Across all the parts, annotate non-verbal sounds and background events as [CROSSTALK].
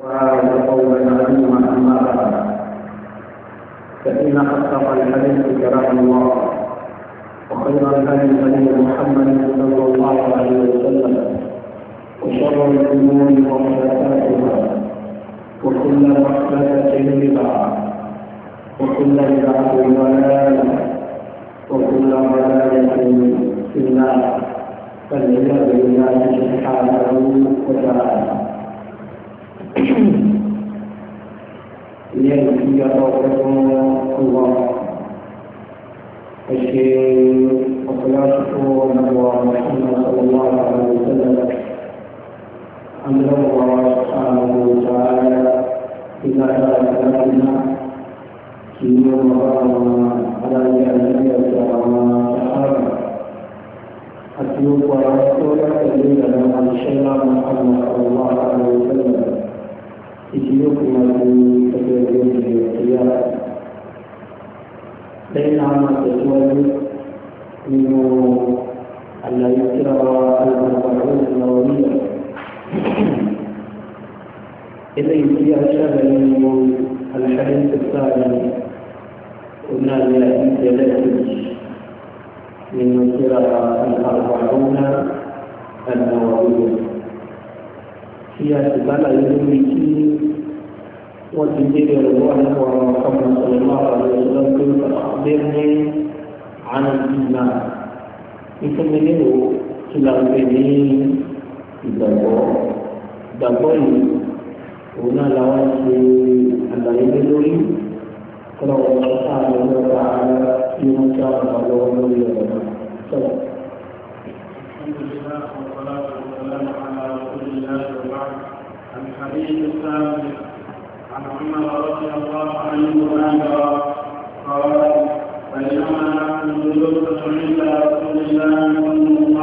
وهذا قول معلوم اما بعد فان اصدق الحديث كلام الله وخير الهدي هدي محمد صلى الله عليه وسلم وشر الامور محدثاتها وكل محدثه بدعه وكل بدعه ضلاله وكل ضلاله في النار فالعياذ بالله سبحانه وتعالى [COUGHS] إليه يتوقف الله الشيء وصلاته ونبوى محمد صلى الله عليه وسلم أمر الله سبحانه وتعالى إذا كان لنا في على النبي صلى الله عليه وسلم أتوب ورسولك إلينا عن شيخ محمد صلى الله عليه وسلم يجيكم في تجربه الخيار بينما تزول منه أن يذكر الأربعون النووية إذا فيها أنه الحديث الثاني قلنا لأن ثلاثة من سيرة الأربعون النووية tí a sì lálàyé lórí kí wọ́n ti dé ẹ̀rọ wà nípa ọ̀rọ̀ ọ̀kan sọ̀rọ̀ náà àti ọ̀sọ̀rọ̀ pé bẹ́ẹ̀ ní àánú ìgbà ìfúnni níwò kí la pè ní ìgbàgbọ́ ìgbàgbọ́ yìí òun náà làwọn ṣe àlàyé lórí kọ́nà wọn ṣe àlọ́ nípa kí wọ́n ṣe àwọn ọ̀rọ̀ lórí ọ̀rọ̀ náà. الحديث الثالث عن عمر رضي الله عنه أنه قال بينما نحن جلوس عند رسول الله صلى الله عليه وسلم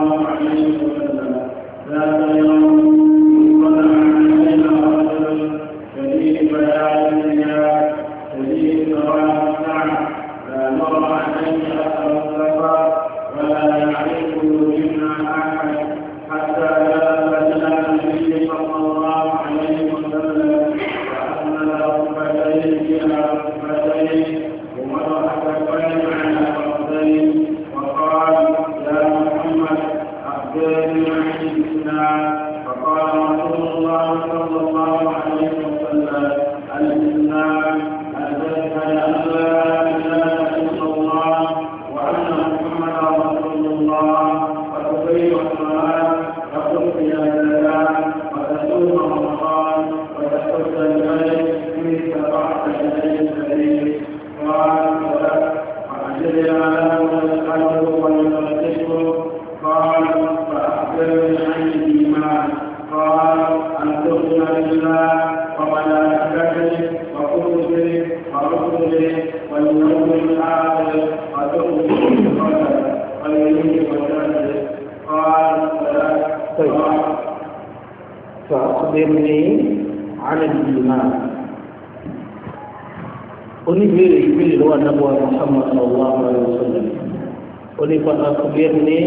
onípa àkùnrin ní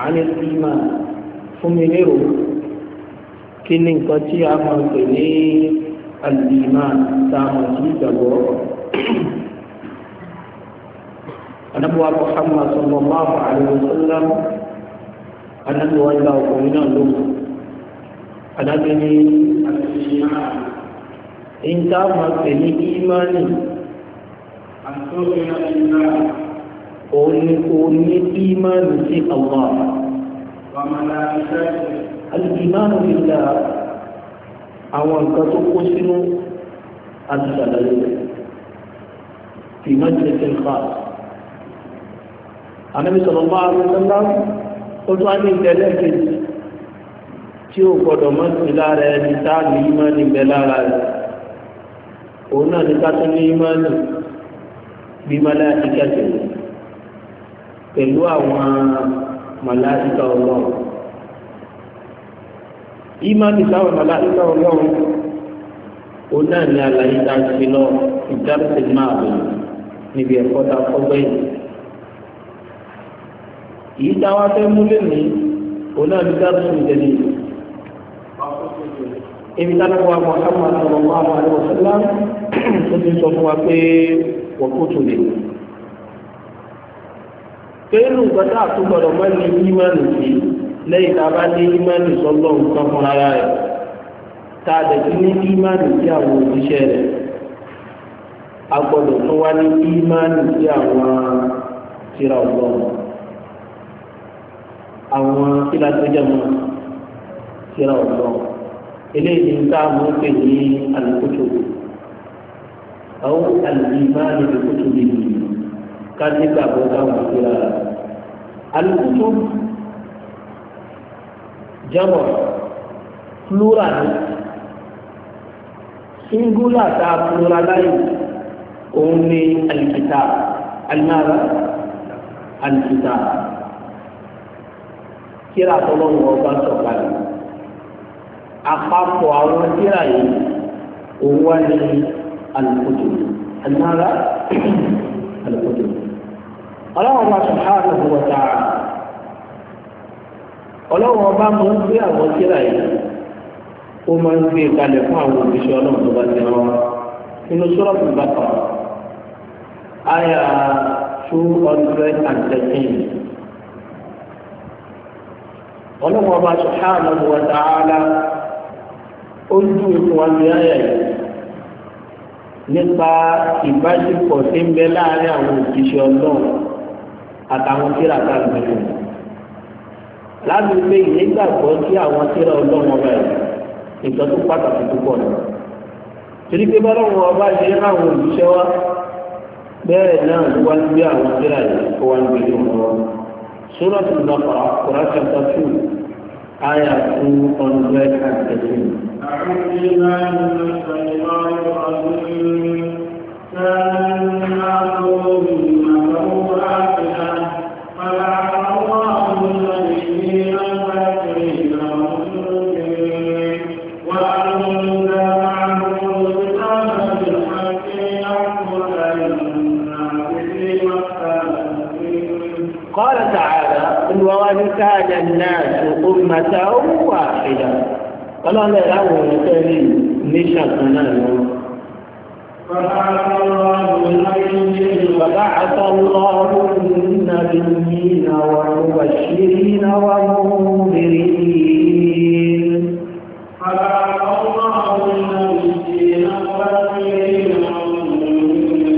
àánì ìmọ̀ fún mi lérò kí ni nǹkan tí a máa ń pè ní àlìmọ̀ tá a máa ti gbàgbọ́. anabuwa muhammad sallallahu alaihi wa sallam anabuwa ìgbà ọkùnrin náà ló anabi ní àlìmọ̀ ìta máa pè ní ìmọ̀ òun ni kò ní ìmánu sí Allah. Al-ìmánu billah àwọn nǹkan tó kó sínú àti ṣàlàyé rẹ̀. Fi majlisin khas. Ànábì sallallahu alaihi wasallam ó tún á ní ìtẹ́lẹ̀ kejì tí ó gbọdọ̀ mọ́ sí lára ẹni tá ní ìmánu bẹ lára rẹ̀. Òun náà ní ká tún ní ìmánu bí mọ́lá ìkẹ́kẹ̀ẹ́ pẹ̀lú àwọn màláìka ọlọ́run ìmánì sáwọn màláìka ọlọ́run òun náà ní àlàyé tá a ṣe lọ ìdáǹtì máa bẹ̀ níbi ẹ̀kọ́ tá a kọ́ gbẹ̀yìn èyí tá a wá fẹ́ mú lónìí òun náà ní dáàbò ìjẹ́lì ibi tá a náwó àwọn ọ̀sán máa ń wọn àwọn àlọ́ ọ̀sán láti sọ fún wa pé wọ́n kó tó lè wọ́n kéèlù nǹkan tá a tún gbọdọ̀ mọ́ ní ìmánu sí lẹ́yìn tá a bá ní ìmánu sọ́lọ́ nǹkan fún ara rẹ̀ tá a dẹ̀tí ní ìmánu sí àwọn òṣìṣẹ́ rẹ̀ a gbọdọ̀ tún wá ní ìmánu sí àwọn tírà ọlọ́run àwọn kílá tó jẹ́ mọ́ tírà ọlọ́run eléyìí ní tá a mọ̀ ní alùpùpù àwọn alùpùpù máa ń lè kótó lè nìyí ká nígbàgbọ́ táwọn ìgbéra rà. àlùkùtù jámọ̀ plural ni singular ta pluralize òun ni alìkìtà alìmára alìkìtà kíra tọ́lọ́wọ́ ọba sọ̀kalẹ̀ àpapọ̀ àwọn kira yìí òun wá ní alìkùtù alìmára [CLEARS THROAT] alìkùtù ọlọ́wọ́n bá subhanahu wa ta'ala ọlọ́wọ́n bá mú gbé àwọn síra yìí ó máa ń gbé kalẹ̀ fún àwọn òbíṣẹ́ ọlọ́run tó bá ti rán wa nínú sọ́rọ́ọ̀bù bàbà àyà two hundred and thirteen ọlọ́wọ́n bá subhanahu wa ta'ala ó ń dúró wa ní àyà yìí nípa ìbáṣepọ̀ tí ń bẹ láàárín àwọn òbíṣẹ́ ọlọ́run àtàwọn tíra tá a gbé wọn. láti pé ìyẹ́gbàgbọ́ kí àwọn tíra ọlọ́wọ́n bá yẹ nǹkan tó pàtàkì púpọ̀ ni. torí pé bọ́lọ́wọ́n ọba ṣe ń ráwọn òṣìṣẹ́ wa bẹ́ẹ̀ náà ló wá ń gbé àwọn tíra yìí kó wá ń gbé ní wọn lọ. Suratul Baqara Quran chapter two ayah two hundred and thirteen. أعوذ بالله من الشيطان الرجيم كان جعل الناس أمة واحدة فلا لا الأول الثاني نشا كنا فبعث الله النبيين والمبشرين والمنذرين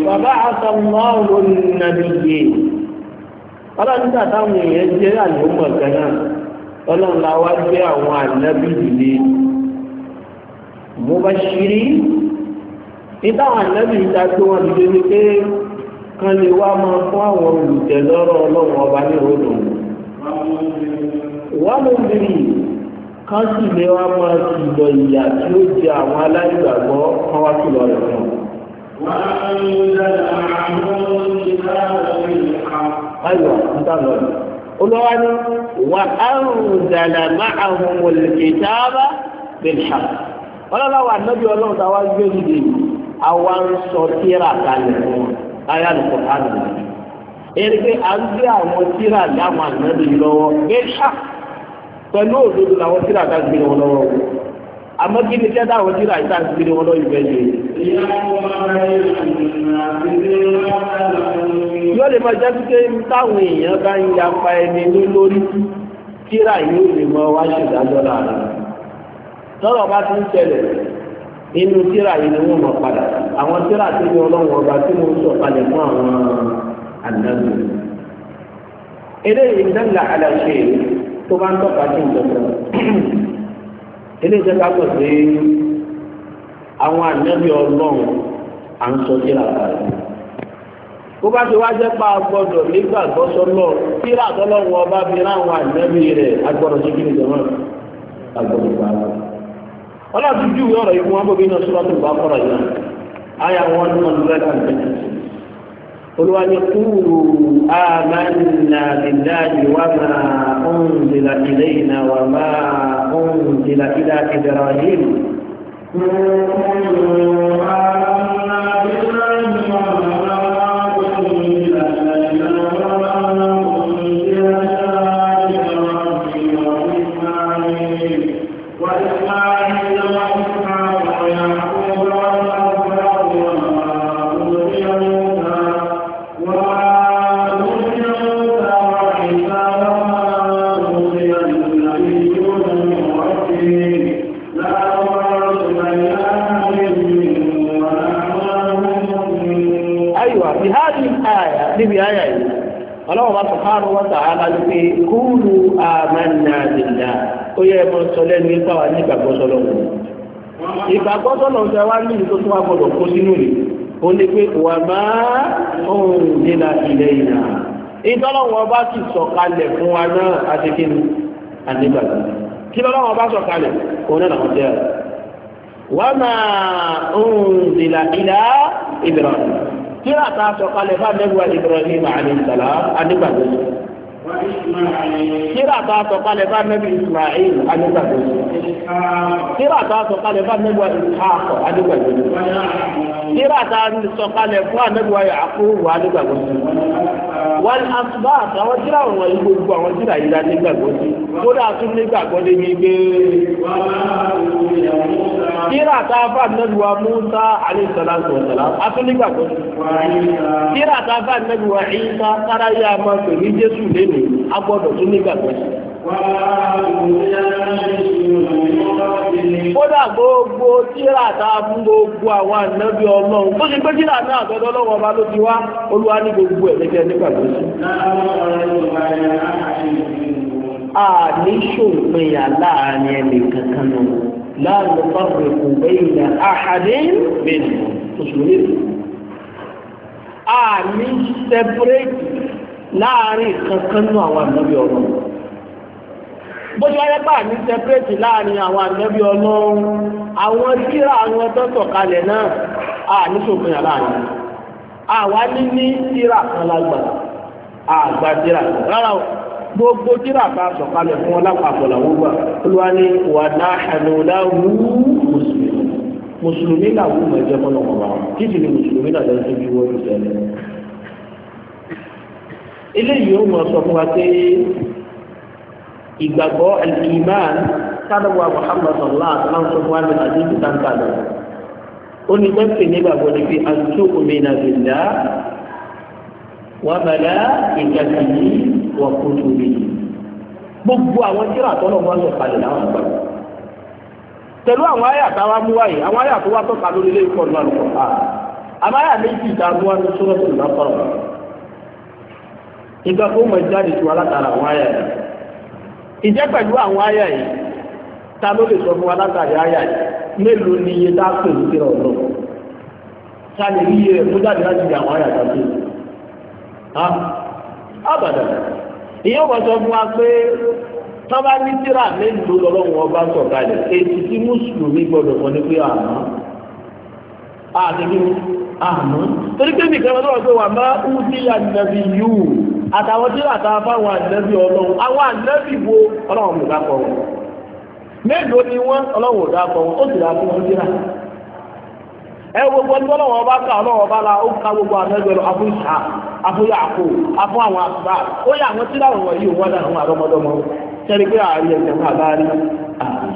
فبعث الله النبيين ọlọ́run tà táwọn èèyàn jẹ́ àlùmọ̀ kan náà ọlọ́run la wá gbé àwọn ànábì dìde mo bá ṣírí nígbà àwọn ànábì ń ta tó wọn dìde ni pé kan lè wá máa fún àwọn olùtẹ̀lọ́rọ̀ ọlọ́run ọba ní ìrònú wọ́n mú bìrì kan sì lè wá máa kìlọ̀ ìyà tí ó jẹ àwọn aláìgbàgbọ́ kan wá kìlọ̀ rẹ̀ fún un. Ayọ̀ nígbà lọ ni. Olúwa ni wà á rùdàlà máa hùn olùkìtàbà bẹ̀rẹ̀. Ọlọ́lá wa nábì ọlọ́run tá a wá gbé dìde yìí, a wá ń sọ tíra kalẹ̀ fún wa, à ń gbé àwọn tíra láwọn ànábì lọ́wọ́ bẹ̀rẹ̀ pẹ̀lú òdodo làwọn tíra ká lọ́wọ́ wọn àmọ́ kí ni kẹ́ta àwọn tíra ìta ìgbé wọn lọ ìgbẹ́ yìí. yóò lè máa jẹ́ pé táwọn èèyàn bá ń yapa ẹni ní lórí tíra yóò lè mọ wá ṣèdájọ́ láàrin tọ́rọ̀ bá ti ń ṣẹlẹ̀ inú tíra yìí ni wọ́n mọ̀ padà àwọn tíra tí ní ọlọ́run ọba tí mo ń sọ kalẹ̀ fún àwọn àdánù. eléyìí ń dánilá tó bá ń tọ́ka sí ìjọba. eléyìí ká mọ̀ pé àwọn ànábì ọlọ́run à ń sọ síra báyìí bó bá ti wá jẹ́ pa gbọ́dọ̀ nígbàgbọ́ sọ́lọ́ síra tọ́lọ́run ọba fi ráwọn ànábì rẹ̀ agbọ́dọ̀ sí kí ni jọ̀mọ́ agbọ́dọ̀ gbà á ọlọ́run ti júwe ọ̀rọ̀ yìí fún wọn sọ́lá tó bá kọ́ra yìí olùwàní kúrú àmàlà bìláàdì wà máa ń zìlà ilé iná wà máa ń zìlà ilá Ibrahim. Kúrú àmàlà bìláàdì wà máa. subhanahu wa ta'ala pé kúlù amanna billah ó yẹ ẹ̀mọ́ sọ lẹ́nu ipa wa ní ìgbàgbọ́ sọlọ wọn. ìgbàgbọ́ sọlọ ń sẹ́wá ní ìlú tó tún wà gbọdọ̀ kó sínú rẹ̀ ó ní pé wà má òun nílà ilẹ̀ ìlà. ìtọ́lọ́wọ́ bá ti sọ̀kalẹ̀ fún wa náà àti kí kí lọ́lọ́wọ́ bá sọ̀kalẹ̀ òun náà làwọn jẹ́ wà má òun nílà ilà Ibrahim kíra ta sọ̀kalẹ̀ fún anẹ́gbà Ibrahim àdìsàlá anígbàgbọ́ kíra ta sọ̀kalẹ̀ fún anẹ́gbà Ismail anígbàgbọ́ kíra ta sọ̀kalẹ̀ fún anẹ́gbà Ishaq anígbàgbọ́ kíra ta sọ̀kalẹ̀ fún anẹ́gbà Yaqub anígbàgbọ́ wọn asubá àtàwọn tíra àwọn yìí gbogbo àwọn tíra yìí láti gbàgbọ́ sí kódà tún ní gbàgbọ́ débi gbé. tíra tá a bá nẹ́gbẹ̀wá Musa aleṣọ́lá sọ̀tàlá a tún ní gbàgbọ́ sí. tíra tá a bá nẹ́gbẹ̀wá Isa sáráyà máa pè ní Jésù lẹ́nu a gbọ́dọ̀ tún ní gbàgbọ́ sí kódà gbogbo tíra ta fún gbogbo àwọn ànábì ọlọ́run tó ṣe pé tíra náà tọ́jọ́ lọ́wọ́ ọba ló ti wá olúwa ní gbogbo ẹ̀ lẹ́jẹ́ nígbà tó ṣe. àní ṣòpinya láàrin ẹnì kankan nù láàrin fáwọn èkó bẹ́yìn àhàdé bẹ́ẹ̀ mùsùlùmí. àní sẹpẹrẹtì láàrin kankan nù àwọn ànábì ọlọ́run bó ti wáyé pà ní sẹpẹrẹtì láàrin àwọn ànábì Ọlọ́run àwọn síra àwọn tó sọ̀kalẹ̀ náà a ní sòpin àláàrin àwa ní ní síra kan lágbà àgbà síra rárá o gbogbo síra kan sọ̀kalẹ̀ fún wọn lápapọ̀ làwọn gbà olúwa ní wà láhàánú láwù mùsùlùmí mùsùlùmí làwọn ọmọ ẹgbẹ́ mọ́nà wọn bá kí sì ni mùsùlùmí làwọn ẹgbẹ́ bí wọ́n ti ṣẹlẹ̀ ìgbàgbọ́ al-iman sálọ́wọ́ muhammad allah aláǹsọ̀ fún àmì àdínkù tàǹkà lọ. ó ní gbẹ́sẹ̀ nígbàgbọ́ ni pé àtúntò òmìnira bìlá wà bàlá ìgbàgbìyí wà kótó mi. gbogbo àwọn tíra àtọ́nà wọn lọ kalẹ̀ láwọn àgbà. pẹ̀lú àwọn àyà táwa mú wáyé àwọn àyà tó wá tọ́ka lórí ilé ìkọ́ ní mọ̀ jáde tó alátara àwọn àyà yìí. ìjẹ́ pẹ̀lú àwọn àyà yìí ta ló lè sọ fún wa látàrí yìí mélòó ni iye tá a pè ní kíra ọ̀dọ́ ta lè rí iye rẹ̀ tó jáde láti di àwọn àyà tó ha àbàdà ìyẹn wọ́n sọ fún wa pé tọ́ba ní kíra mélòó lọ́lọ́run ọba sọ̀kalẹ̀ èsì tí mùsùlùmí gbọ́dọ̀ fọ́ ní pé àmọ́ àdébí àmọ́ torí pé nìkan lọ́wọ́ pé wà má ń àtàwọn tí wà táwọn fáwọn ànábì ọlọ́run àwọn ànábì wo ọlọ́run kò dákọ̀ wọn mélòó ni wọ́n ọlọ́run ò dákọ̀ wọn ó sì rà fún wọn síra ẹ gbogbo ẹni tọ́lọ́wọ́ ọba ká ọlọ́wọ́ ọba la ó ká gbogbo àtẹ́gbẹ̀rẹ̀ afún ìṣá afún yàkó afún àwọn àtúbà ó yà àwọn tíláwọ̀ wọ̀nyí òun wà láwọn àrọ́mọdọ́mọ sẹ́ni pé àárín ẹ̀jẹ̀ máa bá rí àárín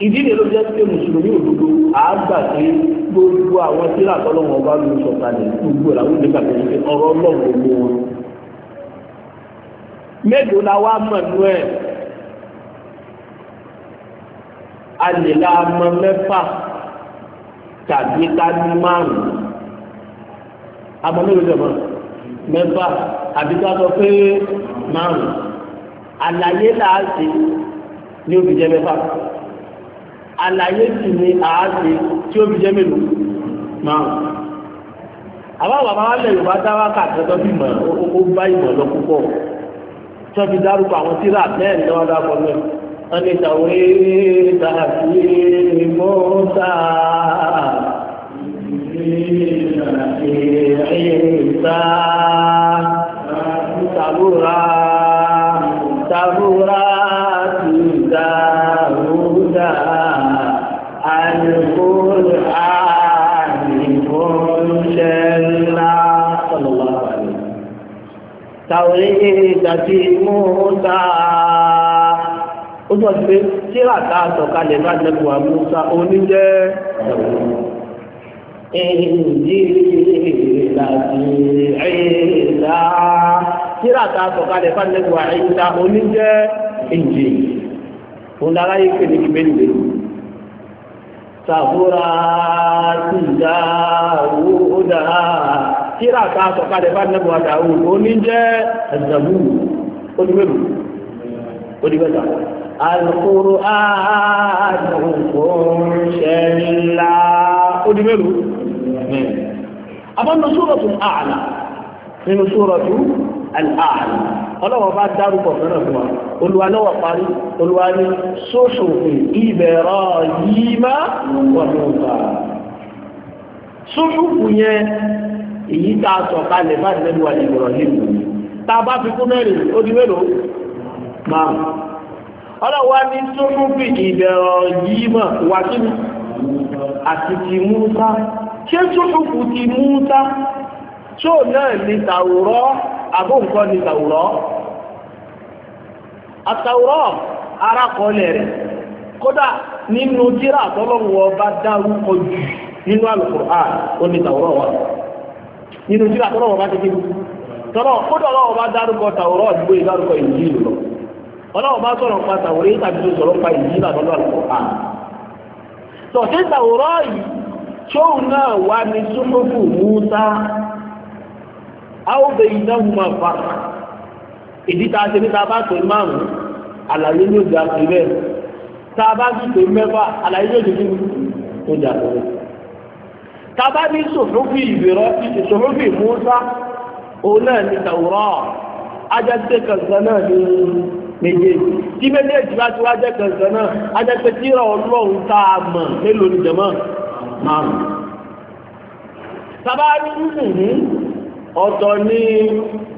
ìdí ni ló jẹ́ pé mùsùlùmí òdodo àágbà pé gbogbo àwọn tí ìlà tọ́lọ́wọ́n bá lu sọ̀kalẹ̀ gbogbo làwọn ìdíkà tó ṣe ọ̀rọ̀ ọlọ́run gbogbo wọn. mélòó la wá mọ̀ nú ẹ̀ a lè la mọ̀ mẹ́fà tàbí ká márùn-ún àmọ́ mélòó jẹ̀ mẹ́fà àbí ká sọ pé márùn-ún àlàyé là á òbí jẹ́ mẹ́fà àlàyé sì ni àáṣe tí ó fi jẹ́ mélòó máa àwọn bàbá wa lẹ̀ yorùbá dáwà kàtẹ́tọ́ bí mọ̀ ó bá ìmọ̀ lọ púpọ̀ tí wọ́n fi dárúkọ àwọn tíra mẹ́rin lọ́wọ́ dákọ̀ náà wọ́n ní ìtàwé tàbí mọ́tà ìrìnsà ìtàlóra. tàwíìdà ti Mùsá ó tọ́ sí pé tíra tá a sọ̀kalẹ̀ bá lẹ́kọ̀ọ́ àmúṣá oníjẹ́ ìdílé láti ẹ̀ẹ́dá tíra ìjì òǹdàrá kéde kí bẹ́ẹ̀ lè sàbúrà tìjà wúdà tíra ta sọ̀kalẹ̀ bá nẹ́bù wa dàrú òní jẹ́ ẹ̀dàbù onímẹ̀lú onímẹ̀lú alukoro aadùnkùn ṣẹlá onímẹ̀lú abọ́nà sórọ̀tù àlà nínú sórọ̀tù àlà ọlọ́wọ́ bá dárúkọ fẹ́ràn fún wa olúwa náà wà parí olúwa ní sóṣòfin ìbẹ̀rọ yìí má wà ní ọ̀gá sóṣòfin yẹn èyí tá a sọ kalẹ̀ bá nẹ́bí wa Ibrahim tá a bá fi kún mẹ́rin ó di mélòó máa ọlọ́wọ́ ní sọ́kùnfì ìbẹ̀rọ̀ yìí mọ̀ wá kí ni àti ti Musa ṣé sọ́kùnfù ti Musa tó náà ní tàwùrọ́ àbóǹkọ́ ní tàwùrọ́ àtàwùrọ́ arákọọlẹ̀ rẹ̀ kódà nínú tírà àtọ́lọ́wọ́ bá dárúkọ jù nínú Al-Qur'an ó ní tàwùrọ́ wa nínú sílá tọ́lọ́wọ́ bá ti kí tọ́lọ́ kódà ọlọ́wọ́ bá dárúkọ tàwọ́rọ́ àdúgbò ìdárúkọ ìjì lọ ọlọ́wọ́ bá sọ̀rọ̀ pa tàwọ́rọ́ yìí tàbí sọ̀rọ̀ pa ìjì lọ lọ́dọ̀ àlùkò à. tọ̀sí tàwọ́rọ́ yìí tóun náà wá ní súnmọ́fù Musa áwòbẹ̀ ìdáhùn fa ìdí tá a ṣe ní tá a bá pè márùn-ún àlàyé ló dà pé bẹ́ẹ̀ tá a bá tún pè mẹ́fà àlàyé ló dì tàbá ní sòfófì ìbẹ̀rọ sòfófì Musa òun náà ní tàwùrọ̀ ajásẹ́ kankan náà ní méjèèjì tí méjèèjì bá ti wá jẹ́ kankan náà ajásẹ́ tí ìrọ̀ ọlọ́run tá a mọ̀ mélòó ni jẹ̀mọ́ márùn. tàbá ní mímú ọ̀tọ̀ ní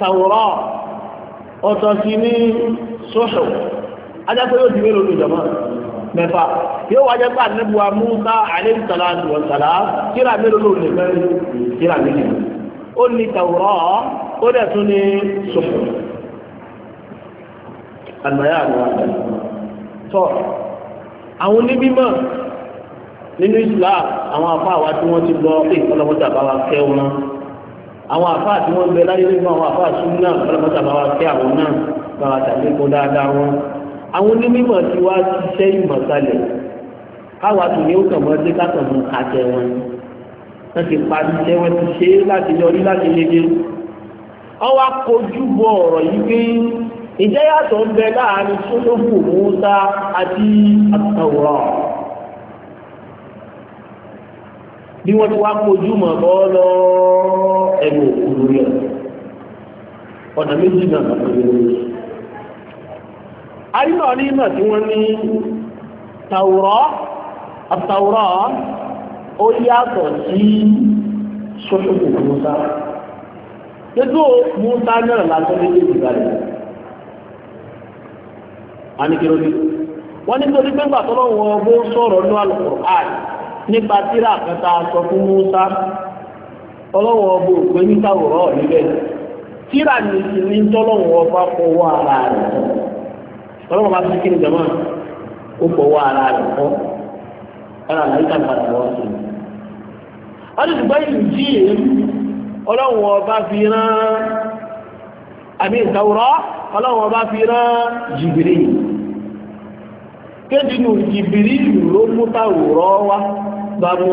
tàwùrọ̀ ọ̀tọ̀ sí ní sòfò ajásẹ́ yóò di mélòó ni jẹ̀mọ́ mẹ́fà yóò wájẹ́ pé àdínẹ́bùwà Musa alayhi salatu wa salam kíra mélòó ló lè mẹ́rin kíra méjì ó ní tàwùrọ̀ ó dẹ̀ tún ní sọ̀kù àgbáyà àwọn tọ́ àwọn oníbímọ̀ nínú Islam àwọn afá wa tí wọ́n ti lọ pé ìfọlọ́mọ́tà bá wa kẹ́ wọn àwọn afá tí wọ́n bẹ láyé nínú àwọn afá súnmọ́ ìfọlọ́mọ́tà bá wa kẹ́ àwọn náà bá wa tàbí kó dáadáa wọn àwọn onímọ̀ tí wàá ṣiṣẹ́ ìmọ̀ kalẹ̀ káwa tó ní ó kàn mọ́ sí kákan mọ́ àtẹ wọn wọ́n ti parí iṣẹ́ wọn ti ṣe é láti yọrí láti yege ọwọ́ akójú bọ ọ̀rọ̀ yìí pé ìjẹ́ yàtọ̀ ń bẹ láàrin sólófù mùsá àti àtàwọ̀rọ̀ bí wọ́n ti wá kojú mọ̀ bọ́ lọ ẹnu òkú lórí ẹ̀ ọ̀nà méjì náà lọ́wọ́ àyínà ní ìmọ̀ tí wọ́n ní tàwùrọ̀ àtàwùrọ̀ ó yàtọ̀ sí sọ́ṣọ́kù Musa tẹ́tù Musa náà lásán ní ìlú ìbàdàn àníkèrè wọ́n ní torí pé gbàtọ́lọ́ wọn bó sọ̀rọ̀ ní Al-Qur'an nípa tírà kẹta sọ fún ní tàwùrọ̀ níbẹ̀ ní ìsinmi tọ́lọ́wọ́ ara rẹ̀ ọlọ́wọ́ bá ti kíni jọmọ́ ó fọwọ́ ara rẹ̀ kọ́ ọ̀rọ̀ àlàyé padà wọ́n ti gbọ́ ìlú ọlọ́wọ́ bá fi rán àmì ìtawúrọ́ ọlọ́wọ́ bá fi rán jìbìrì kéjì nù jìbìrì ló mú táwùrọ́ wá bá mú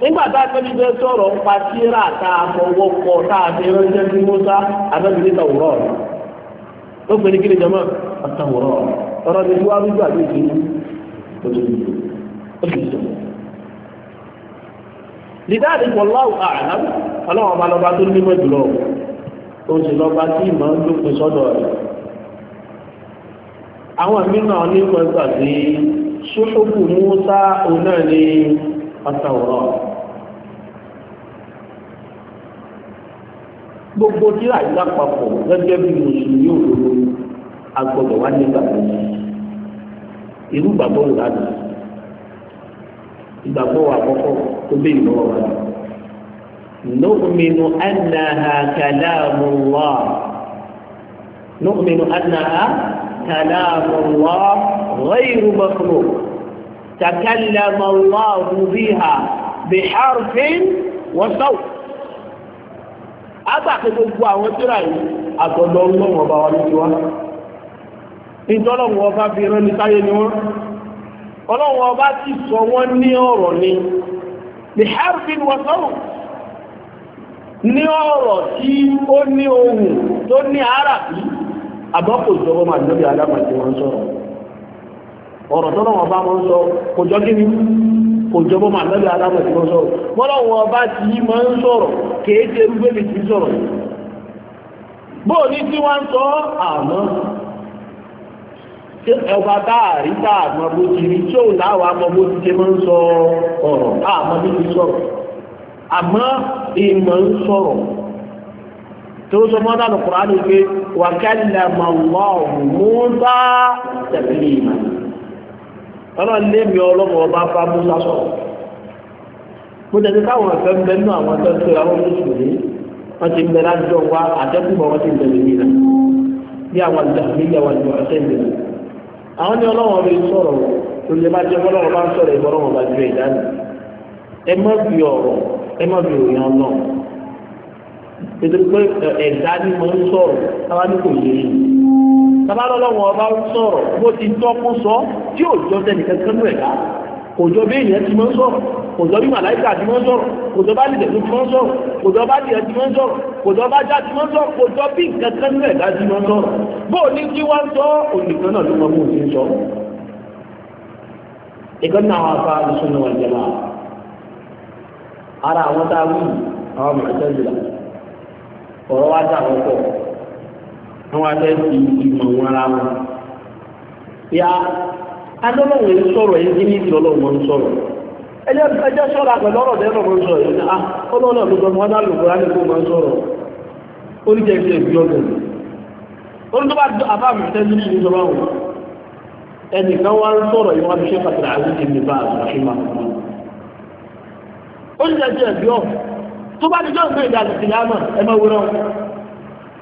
nígbà tá a tẹ́lẹ̀ fẹ́ sọ̀rọ̀ ń pa síra tá a fọwọ́ kọ tá a fi ránṣẹ́ sí Musa abẹ́bílẹ̀ tàwùrọ̀ ó pè ní kí ni jọmọ́ àtàwùrọ̀ ọ̀rọ̀ ni wọ́n á rí gbàgbé ìdílé lidari wọláwù àlám ọlọ́wọ́ ọba lọ́ba tó ní mẹ́jùlọ o sì lọ́ba tí ìmọ̀ ń dókun sọ́dọ̀ rẹ̀ àwọn mìíràn ní pẹ̀lú àti ṣóṣókù Musa òun náà ni ọ̀tọ̀wọ̀rọ̀ gbogbo tíra yìí lápapọ̀ gẹ́gẹ́ bí mùsùlùmí òdodo agbọ́dọ̀ wá nígbà tó ní irú gbàgbọ́ wò láti ìgbàgbọ́ wà kọ́kọ́ tó bẹ́ẹ̀ lọ́wọ́ wa nùmínú ànàhà kàlámù nùmínú ànàhà kàlámù rẹ́yìn rúbọ̀kúrò. تكلم الله بها بحرف وصوت agbàkẹ́ gbogbo àwọn tíra yìí àtọ̀dọ̀ ọlọ́run ọba wa ló ti wá nítorọ̀run ọba fi rán ní sáyé ni wọ́n ọlọ́run ọba ti sọ wọ́n ní ọ̀rọ̀ ni biharfin wasọ́rùn ní ọ̀rọ̀ tí ó ní ohùn tó ní àràbí àbọ̀kò ìjọba màdúrà alámàdé wọn sọ̀rọ̀ ọ̀rọ̀ tó lọ́wọ́ bá máa ń sọ kò jọ kí ni kò jọ bọ́ màá lẹ́bẹ̀ẹ́ aláwọ̀ tí wọ́n sọ̀rọ̀ wọ́n lọ́wọ́ bá ti máa ń sọ̀rọ̀ kèé ṣe rúgbé mi ti sọ̀rọ̀ bóò ní tí wọ́n ń sọ àmọ́ ọba táàrí táàmọ́ bó ti rí tí òun láwàá mọ bó ti ṣe máa ń sọ ọ̀rọ̀ àmọ́ bí ti sọ̀rọ̀ àmọ́ ìmọ̀ ń sọ̀rọ̀ tó sọ mọ́ náà lọ́kùnrin á ní pé mọ̀ wọ́n bá tẹ̀lé ìmọ̀ ọlọ́run lé mi ọlọ́mọ ọba bá musa sọ̀rọ̀ mo tẹ̀sí káwọn ẹ̀fẹ́ ń bẹ nínú àwọn ẹ̀fẹ́ ń pèrè àwọn mùsùlùmí wọ́n ti ń bẹ lájọ wa àtẹ́kùnbọ̀ wọ́n ti ń bẹ lórí rẹ̀ bí àwọn àgbàgbé àwọn àgbà ọ̀sẹ̀ ń bẹ àwọn ní ọlọ́wọ́n mi sọ̀rọ̀ lórí bá jẹ́ ọlọ́wọ́n bá sọ̀rọ̀ ìbọn ọlọ́wọ́n bá ju ẹ̀dá nù ẹ má fi ọ̀rọ̀ ẹ má fi òyìn ọlọ́run nítorí pé ẹ̀dá ni mo ń sọ̀rọ̀ táwa ní kò yé yìí tabalọ́lọ́wọ́ ọba ń bó ti tọ́ sọ tí ò jọ tẹ́ nìkan kan ká kò jọ bí èèyàn ti máa ń kò jọ bí màláìkà ti máa ń kò jọ bá lìdẹ̀ tó ti máa ń kò jọ bá dìẹ̀ ti máa ń kò jọ bá já ti máa ń kò jọ bí nǹkan kan ká ti máa ń bó o ní kí wá sọ ònìkan náà ló mọ bó o ti sọ. ìkan náà wà fa ìṣúná wà jẹ́ máa ara àwọn tá a wí àwọn mọ̀ọ́tẹ́sì wọn wá ìmọ̀ wọn ara wọn. adọ́lọ́wọ̀ ń sọ̀rọ̀ yìí ní ìdí ọlọ́wọ̀ ń sọ̀rọ̀ ẹjẹ́ sọ́ra pẹ̀lú ọ̀rọ̀ tẹ́lọ̀ ń sọ̀rọ̀ yìí ah ọlọ́run ló wọn lálùkù láti kó máa ń sọ̀rọ̀ oríjẹ ìbí orí tó bá wá ń sọ̀rọ̀ yìí wọn fi ṣe pàtàkì ìbí tó bá ìgbé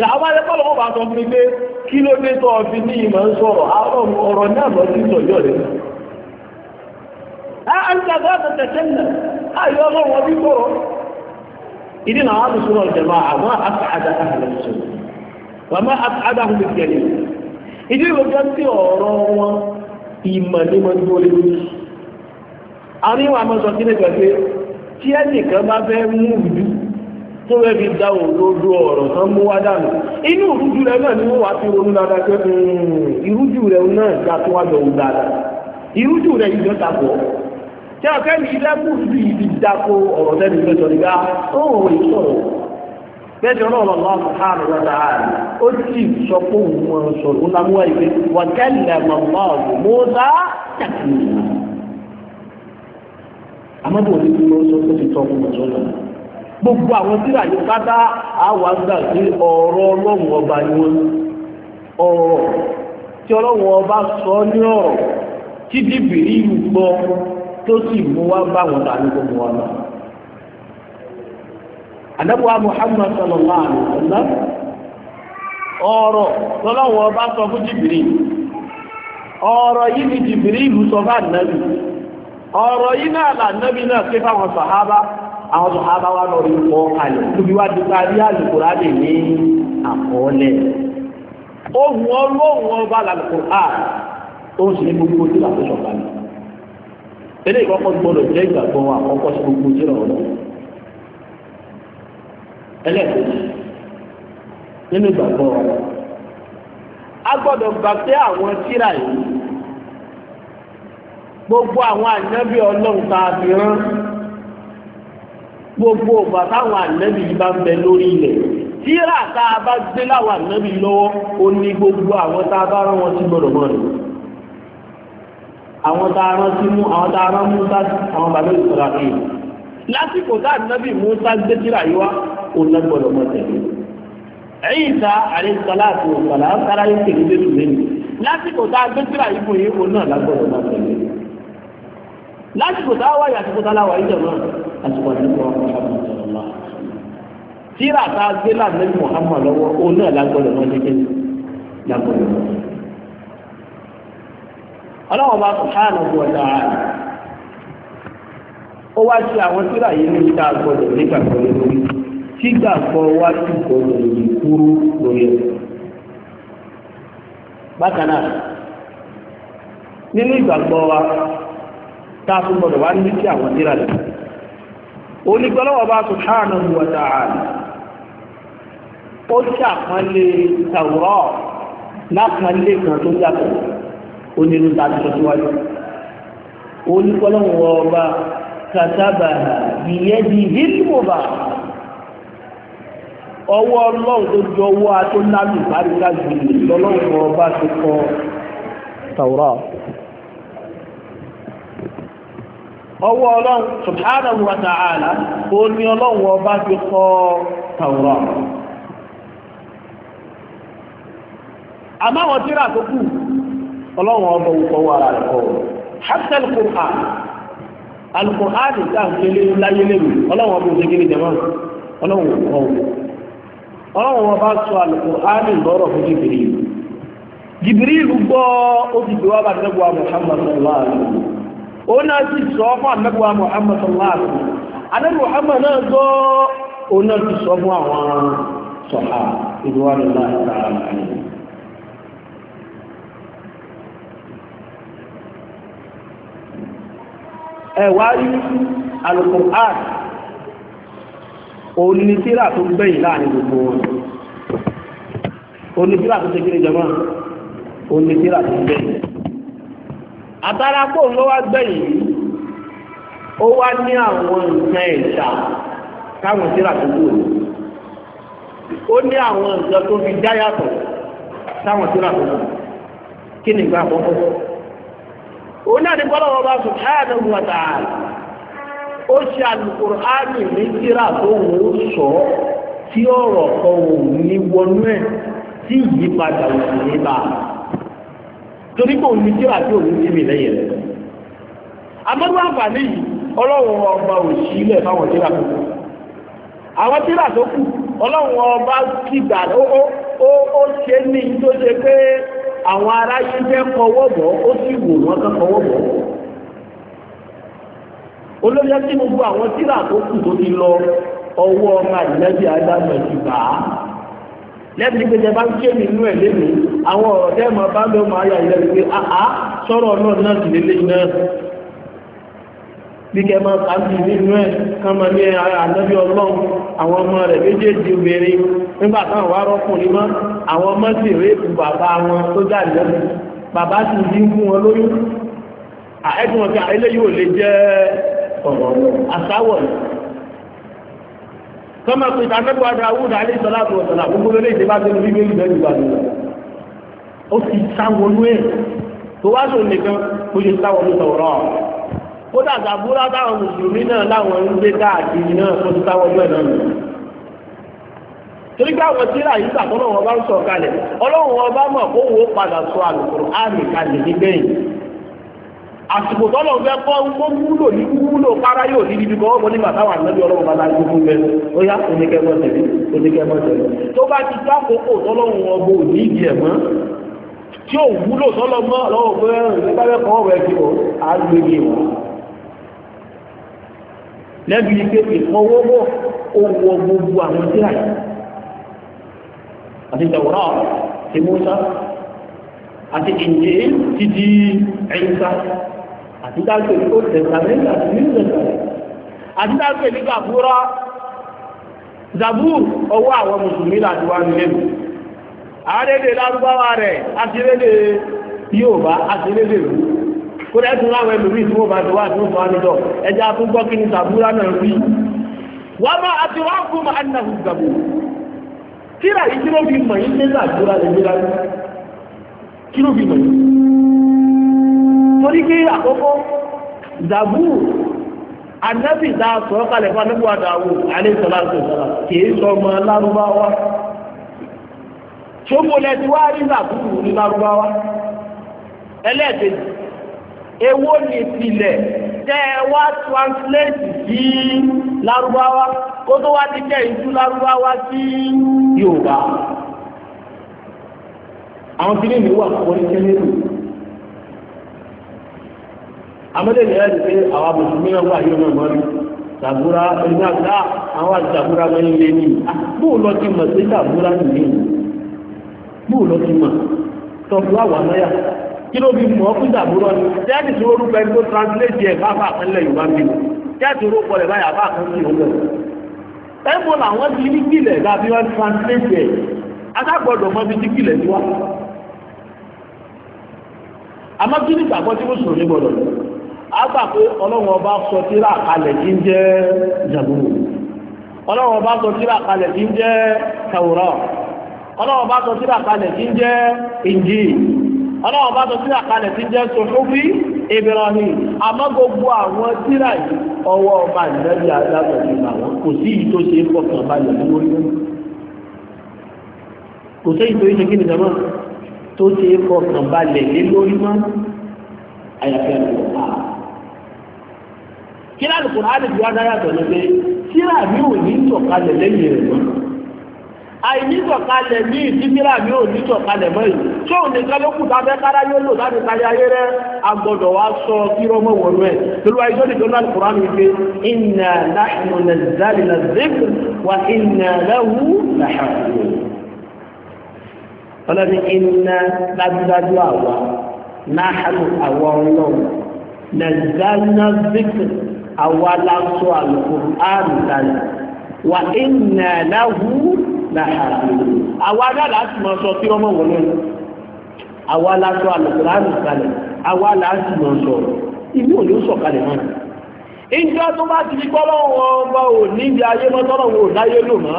àwọn ẹgbẹ́ wọn bá sọ fún mi kí ló dé tó ọfi ní ìmọ̀ ń sọ̀rọ̀ àwọn ọ̀rọ̀ ní àbọ̀ sí sọ̀yọ̀ rẹ̀. àìsàn àti tẹ̀sẹ̀ nà ayé ọlọ́run ọbí sọ̀rọ̀. ìdí náà wọn sọ náà jẹ̀mọ́ àwọn àkàdá àhàlẹ̀ sọ̀rọ̀ wọn má àkàdá àwọn ìgbẹ́ ni. ìdí ìlú jẹ́ sí ọ̀rọ̀ wọn ìmọ̀ ní wọn dúró lórí. àríwá mọ́sọ̀ sí tó wẹ́ fi dá òdodo ọ̀rọ̀ tán mú wá dànù inú ìrújú rẹ náà ni wọ́n wá fi ronú dáadáa pé hmm, ìrújú rẹ náà ga tó wá dọ̀wọ́ dáadáa ìrújú rẹ yìí lọ́ta pọ̀ tí a fẹ́ fi lẹ́kùn sí ibi dáko ọ̀rọ̀ tẹ́lẹ̀ ìgbẹ́ sọ̀rọ̀ ìgbà ó wọ̀ èyí sọ̀rọ̀ bẹ́ẹ̀ náà lọ́wọ́ lọ́wọ́ sùhánù lọ́ta ààrẹ ó sì sọ pé òun mọ̀ sọ̀rọ̀ ó lámúwá ìgbé wà kẹ́lẹ̀ mọ̀mọ́ gbogbo àwọn tíra yìí pátá àwọn àgbà ọ̀rọ̀ ọlọ́run ọba ni ọ̀rọ̀ tí ọlọ́run ọba sọ ní ọ̀rọ̀ tí bíbélì ìlú gbọ́ tó sì mú wá bá wọn gbogbo wọn lọ. ọ̀rọ̀ ọba sọ fún jìbìrì ọ̀rọ̀ yìí ni jìbìrì ìlú sọ fún ànábì ọ̀rọ̀ yìí náà náà àwọn sọ̀hábà wa lọ rí kọ́ kalẹ̀ tóbi wá di parí àlùkòrá lè ní àkọọ́lẹ̀ ohun ọlọ́run ọba làlùkòrá ó ń sì ní gbogbo tí wàá tó sọ̀gbà ní. eléyìí kọ́kọ́ gbọ́dọ̀ jẹ́ ìgbàgbọ́ àkọ́kọ́ sí gbogbo tí wàá lọ. ẹlẹ́kùnrin nínú ìgbàgbọ́ a gbọ́dọ̀ gbà pé àwọn tíra yìí gbogbo àwọn ànábì ọlọ́run tá a fi rán gbogbo ọgbà táwọn ànábì yìí bá ń bẹ lórí ilẹ̀ tíra tá a bá gbé láwọn ànábì lọ́wọ́ ó ní gbogbo àwọn tá a bá rán wọn sí gbọdọ̀ mọ́ rẹ̀ àwọn tá a rán sí mú àwọn tá a rán Musa àwọn bàbá ìsọ̀rọ̀ àti yìí lásìkò tá ànábì Musa gbé tíra yìí wá ó ná gbọdọ̀ mọ́ tẹ̀lé ẹ̀yìn ìta àrísọ́lá àti òṣàlá sára yìí kèrè lé tùlé lásìkò tá a gbé tíra yìí fún yìí ó náà lágbọdọ̀ mọ́ tẹ̀lé lásìkò tá a wáyà àsìkò tá àsìkò àdúgbò Muhammad sallallahu alaihi wasallam. tíra tá a gbé lànàbí Muhammad lọ́wọ́ òun náà lágbọ́dọ̀ wọn jẹ́jẹ́ lágbọ́dọ̀ wọn. ọlọ́wọ́n bá subhanahu wa ta'ala ó wá sí àwọn tíra ní lórí wá kúrú lórí bákan náà nínú wa tá a tún gbọ́dọ̀ wá ní àwọn onígbọ́lọ́wọ́ bá subhanahu wa ta'ala ó ṣàpọ́nlé tàwùrọ̀ lápọ́nlé kan tó yàtọ̀ onírú láti tọ́síwájú onígbọ́lọ́wọ́ ọba kàtàbà ìyẹ́dì hílmùbà ọwọ́ ọlọ́run tó ju ọwọ́ atúndàlù bá rí ká jù lọ́lọ́wọ́ ọba tó kọ tàwùrọ̀. ọwọ́ ọlọ́run subhanahu wa ta'ala ó ní ọlọ́run ọba fi kọ tàwùrọ̀ àmọ́ ọlọ́run ọba òkò wà rà kọ́ hatta al ta láyé lẹ́nu ọlọ́run ọba òṣèké ni jẹ̀mọ́ ọlọ́run òkò ọlọ́run ọba sọ lọ́rọ̀ fún gbọ́ ó ti gbé wá ona náà sọ fún àmẹ́gbà Muhammad sallallahu alaihi Muhammad náà gbọ́ òun náà sọ fún àwọn sọ̀hà ìdúwà nílá ìtàrà ẹ̀wà rí Al-Qur'an tó gbẹ̀yìn láàrin gbogbo wọn àtàràpò ló wá gbẹ̀yìn yìí ó wá ní àwọn nǹkan ẹ̀ṣà káwọn síra tó kù ó ní àwọn nǹkan tó fi dá yàtọ̀ táwọn síra tó kù kí ni ìgbà àkọ́kọ́ òun náà ní bọ́lá wọn bá subhanahu wa ta'ala ó ṣe àlùkùránì ní síra tó wò ó sọ tí ọ̀rọ̀ kan ò ní wọnú ẹ̀ tí ìyípadà ò ní bá a. torí kò ní kíra tí òun ti mi lẹ́yìn rẹ̀ amadu àǹfààní yìí ọlọ́run ọba ò sí ilẹ̀ fáwọn tíra. tó kù àwọn tíra tó kù ọlọ́run ọba kìgbà ó ṣe ní tó ṣe pé àwọn ará fẹ́ kọwọ́ bọ̀ ó sì wò wọ́n kọwọ́ bọ̀ olóyè tí àwọn tó kù tó lẹ́bi pé jẹba ń ké mi inú ẹ̀ ma àwọn ọ̀rọ̀ tẹ́ máa bá lọ́ máa yà ìlẹ́bi pé àá sọ̀rọ̀ náà náà sì lélẹ́ iná bí kẹ́ máa ká sí nínú ẹ̀ ká máa ní ànábì ọlọ́run àwọn ọmọ rẹ̀ méjèèjì obìnrin nígbà táwọn wá rọ́kùnrin mọ́ àwọn ọmọ sì réèpù bàbá wọn tó dà lẹ́nu bàbá sì ń dín fún wọn lóyún kọ́mọ pé ìtàkẹ́kọ̀ọ́ Dáúdà alayhi salatu wa salam gbogbo lè ṣe bá tẹnu bí bẹ́ẹ̀ ìgbẹ́ ìgbà lọ. ó ti sáwọnú ẹ̀ tó wá lò nìkan kó ṣe sáwọnú sọ̀rọ̀ ó dàgbà búrá táwọn mùsùlùmí náà láwọn ń gbé káàkiri náà tó ti sáwọnú ẹ̀ náà torí pé àwọn tíra yìí gbà tọ́lọ́wọ́n bá ń sọ̀ kalẹ̀ ọlọ́run ọba mọ̀ kó wò ó padà sọ àsìkò tọ́lọ̀ fẹ́ kọ́ ó wúlò ní wúlò para yóò ní ibi kan ó ní bàtà wà lẹ́bí ọlọ́run bàtà yóò fún bẹ́ẹ̀ ó yá oníkẹ́mọ́ tẹ̀lé oníkẹ́mọ́ tẹ̀lé tó bá ti tó àkókò tọ́lọ́run ọgbọ́n ò ní ìdí ẹ̀ mọ́ tí ó wúlò tọ́lọ́ mọ́ lọ́wọ́ pé ìgbàgbẹ́ kan ọ̀rọ̀ ẹ̀kí ọ̀ á gbé ní ìwà lẹ́bi ike ìfọwọ́wọ́ owó gbogbo àwọn tí àyè àti ìtẹ̀wọ́rọ̀ ti mú sáà àti ìjẹ́ ti di ẹ̀yìnsá àti dáàbò ní old testament àti new testament ní gàbúrà zabu ọwọ́ àwọn mùsùlùmí láti wá nílé mi àádédè lárúbáwá rẹ̀ àtìlédè yóò bá àtìlédè rú kó lẹ́ tún láwọn ẹlòmíì tí wọ́n bá ti wá tí wọ́n fọ́ àníjọ ẹja fún gbọ́ kí ni zabura náà rí wọ́n máa àti wọ́n fún ma ànàhùn zabu tíra yìí mọ̀ yín pé zabura lè gbé kí ló fi mọ̀ yìí torí pé àkọ́kọ́ zabur anabi dá sọ̀rọ̀ kalẹ̀ fún anabi wa dàwù alẹ́sọ̀lá sọ̀rọ̀ kìí sọ ọmọ lárúbáwá tó mo lẹ ti wá rí zabur ní lárúbáwá ẹlẹ́ẹ̀kejì èwo ni ìpìlẹ̀ tẹ́ ẹ wá translate sí lárúbáwá kó tó wá ti jẹ́ ìtú lárúbáwá sí yorùbá àwọn kí nìyí wà fún ní kẹ́lẹ́lù amẹ́lẹ́ ìyá ti pé àwọn mùsùlùmí náà wà yóò náà mọ́rí sàbúrà ẹgbẹ́ àgbà àwọn àti sàbúrà mẹ́rin lé ní ah, bóò lọ ti mọ̀ sí sàbúrà nìyí bóò lọ ti mọ̀ tọ́jú àwọn náyà kí ló fi mọ̀ fún sàbúrà ni tí a ti sọ orúkọ ẹni tó translate ẹ̀ bábà kan yorùbá mi tí a ti orúkọ rẹ̀ báyà bá kan sí òun lẹ̀ ẹ̀mọ́ làwọn ti ní kílẹ̀ láti wọ́n translate ẹ̀ adágbọ́dọ̀ mọ́ fi ti kílẹ̀ tiwa àmọ́ kí ni ìgbàgbọ́ tí mùsùlùmí gbọdọ̀ lọ àgbà pé ọlọ́run ọba sọ tírà kalẹ̀ kí ń jẹ́ Zabur ọlọ́run ọba sọ tírà kalẹ̀ kí ń jẹ́ Tawrah ọlọ́run ọba sọ tírà kalẹ̀ kí ń jẹ́ Injil ọlọ́run ọba sọ tírà kalẹ̀ kí ń jẹ́ Suhufi Ibrahim àmọ́ gbogbo àwọn tírà yìí ọwọ́ ọba ìdẹ́bí adájọ́ ti gbà wọ́n kò sí ìyí ṣe é fọkàn balẹ̀ lórí kò sí ìyí tó kí ni jàmáà tó ṣe é fọkàn balẹ̀ lé lórí mọ́ àyàfẹ́ àlùkò á. kí lálùkò á lè fi wá dára tọ̀ ní pé síra mi ò ní sọ̀kalẹ̀ lẹ́yìn rẹ̀ mọ́. àìní sọ̀kalẹ̀ ní ìdíbíra mi ò ní sọ̀kalẹ̀ mọ́ yìí tí òun nìkan ló kù táfẹ́ kára yóò lò láti kárí ayé rẹ̀ a wá sọ kí rọ́mọ wọ̀nú ẹ̀ lórí wa ìjọ́ nìkan láti mi pé inna nahnu nazzalna dhikr ọlọ́ni iná dájúdájú àwa náhánù àwa ọlọ́run nàìjíríà zikr àwa lásọ àlùkò àrùdàlù wà iná láwù làhàbìlì àwa dára láti mọ sọ tí ọmọ wọlé àwa lásọ àlùkò àrùdàlù àwa láti mọ sọ ìlú òní ó sọ̀kalẹ̀ náà ìjọ tó bá ti ọba ò níbi ayé mọ́tọ́lọ́wọ́ ò lò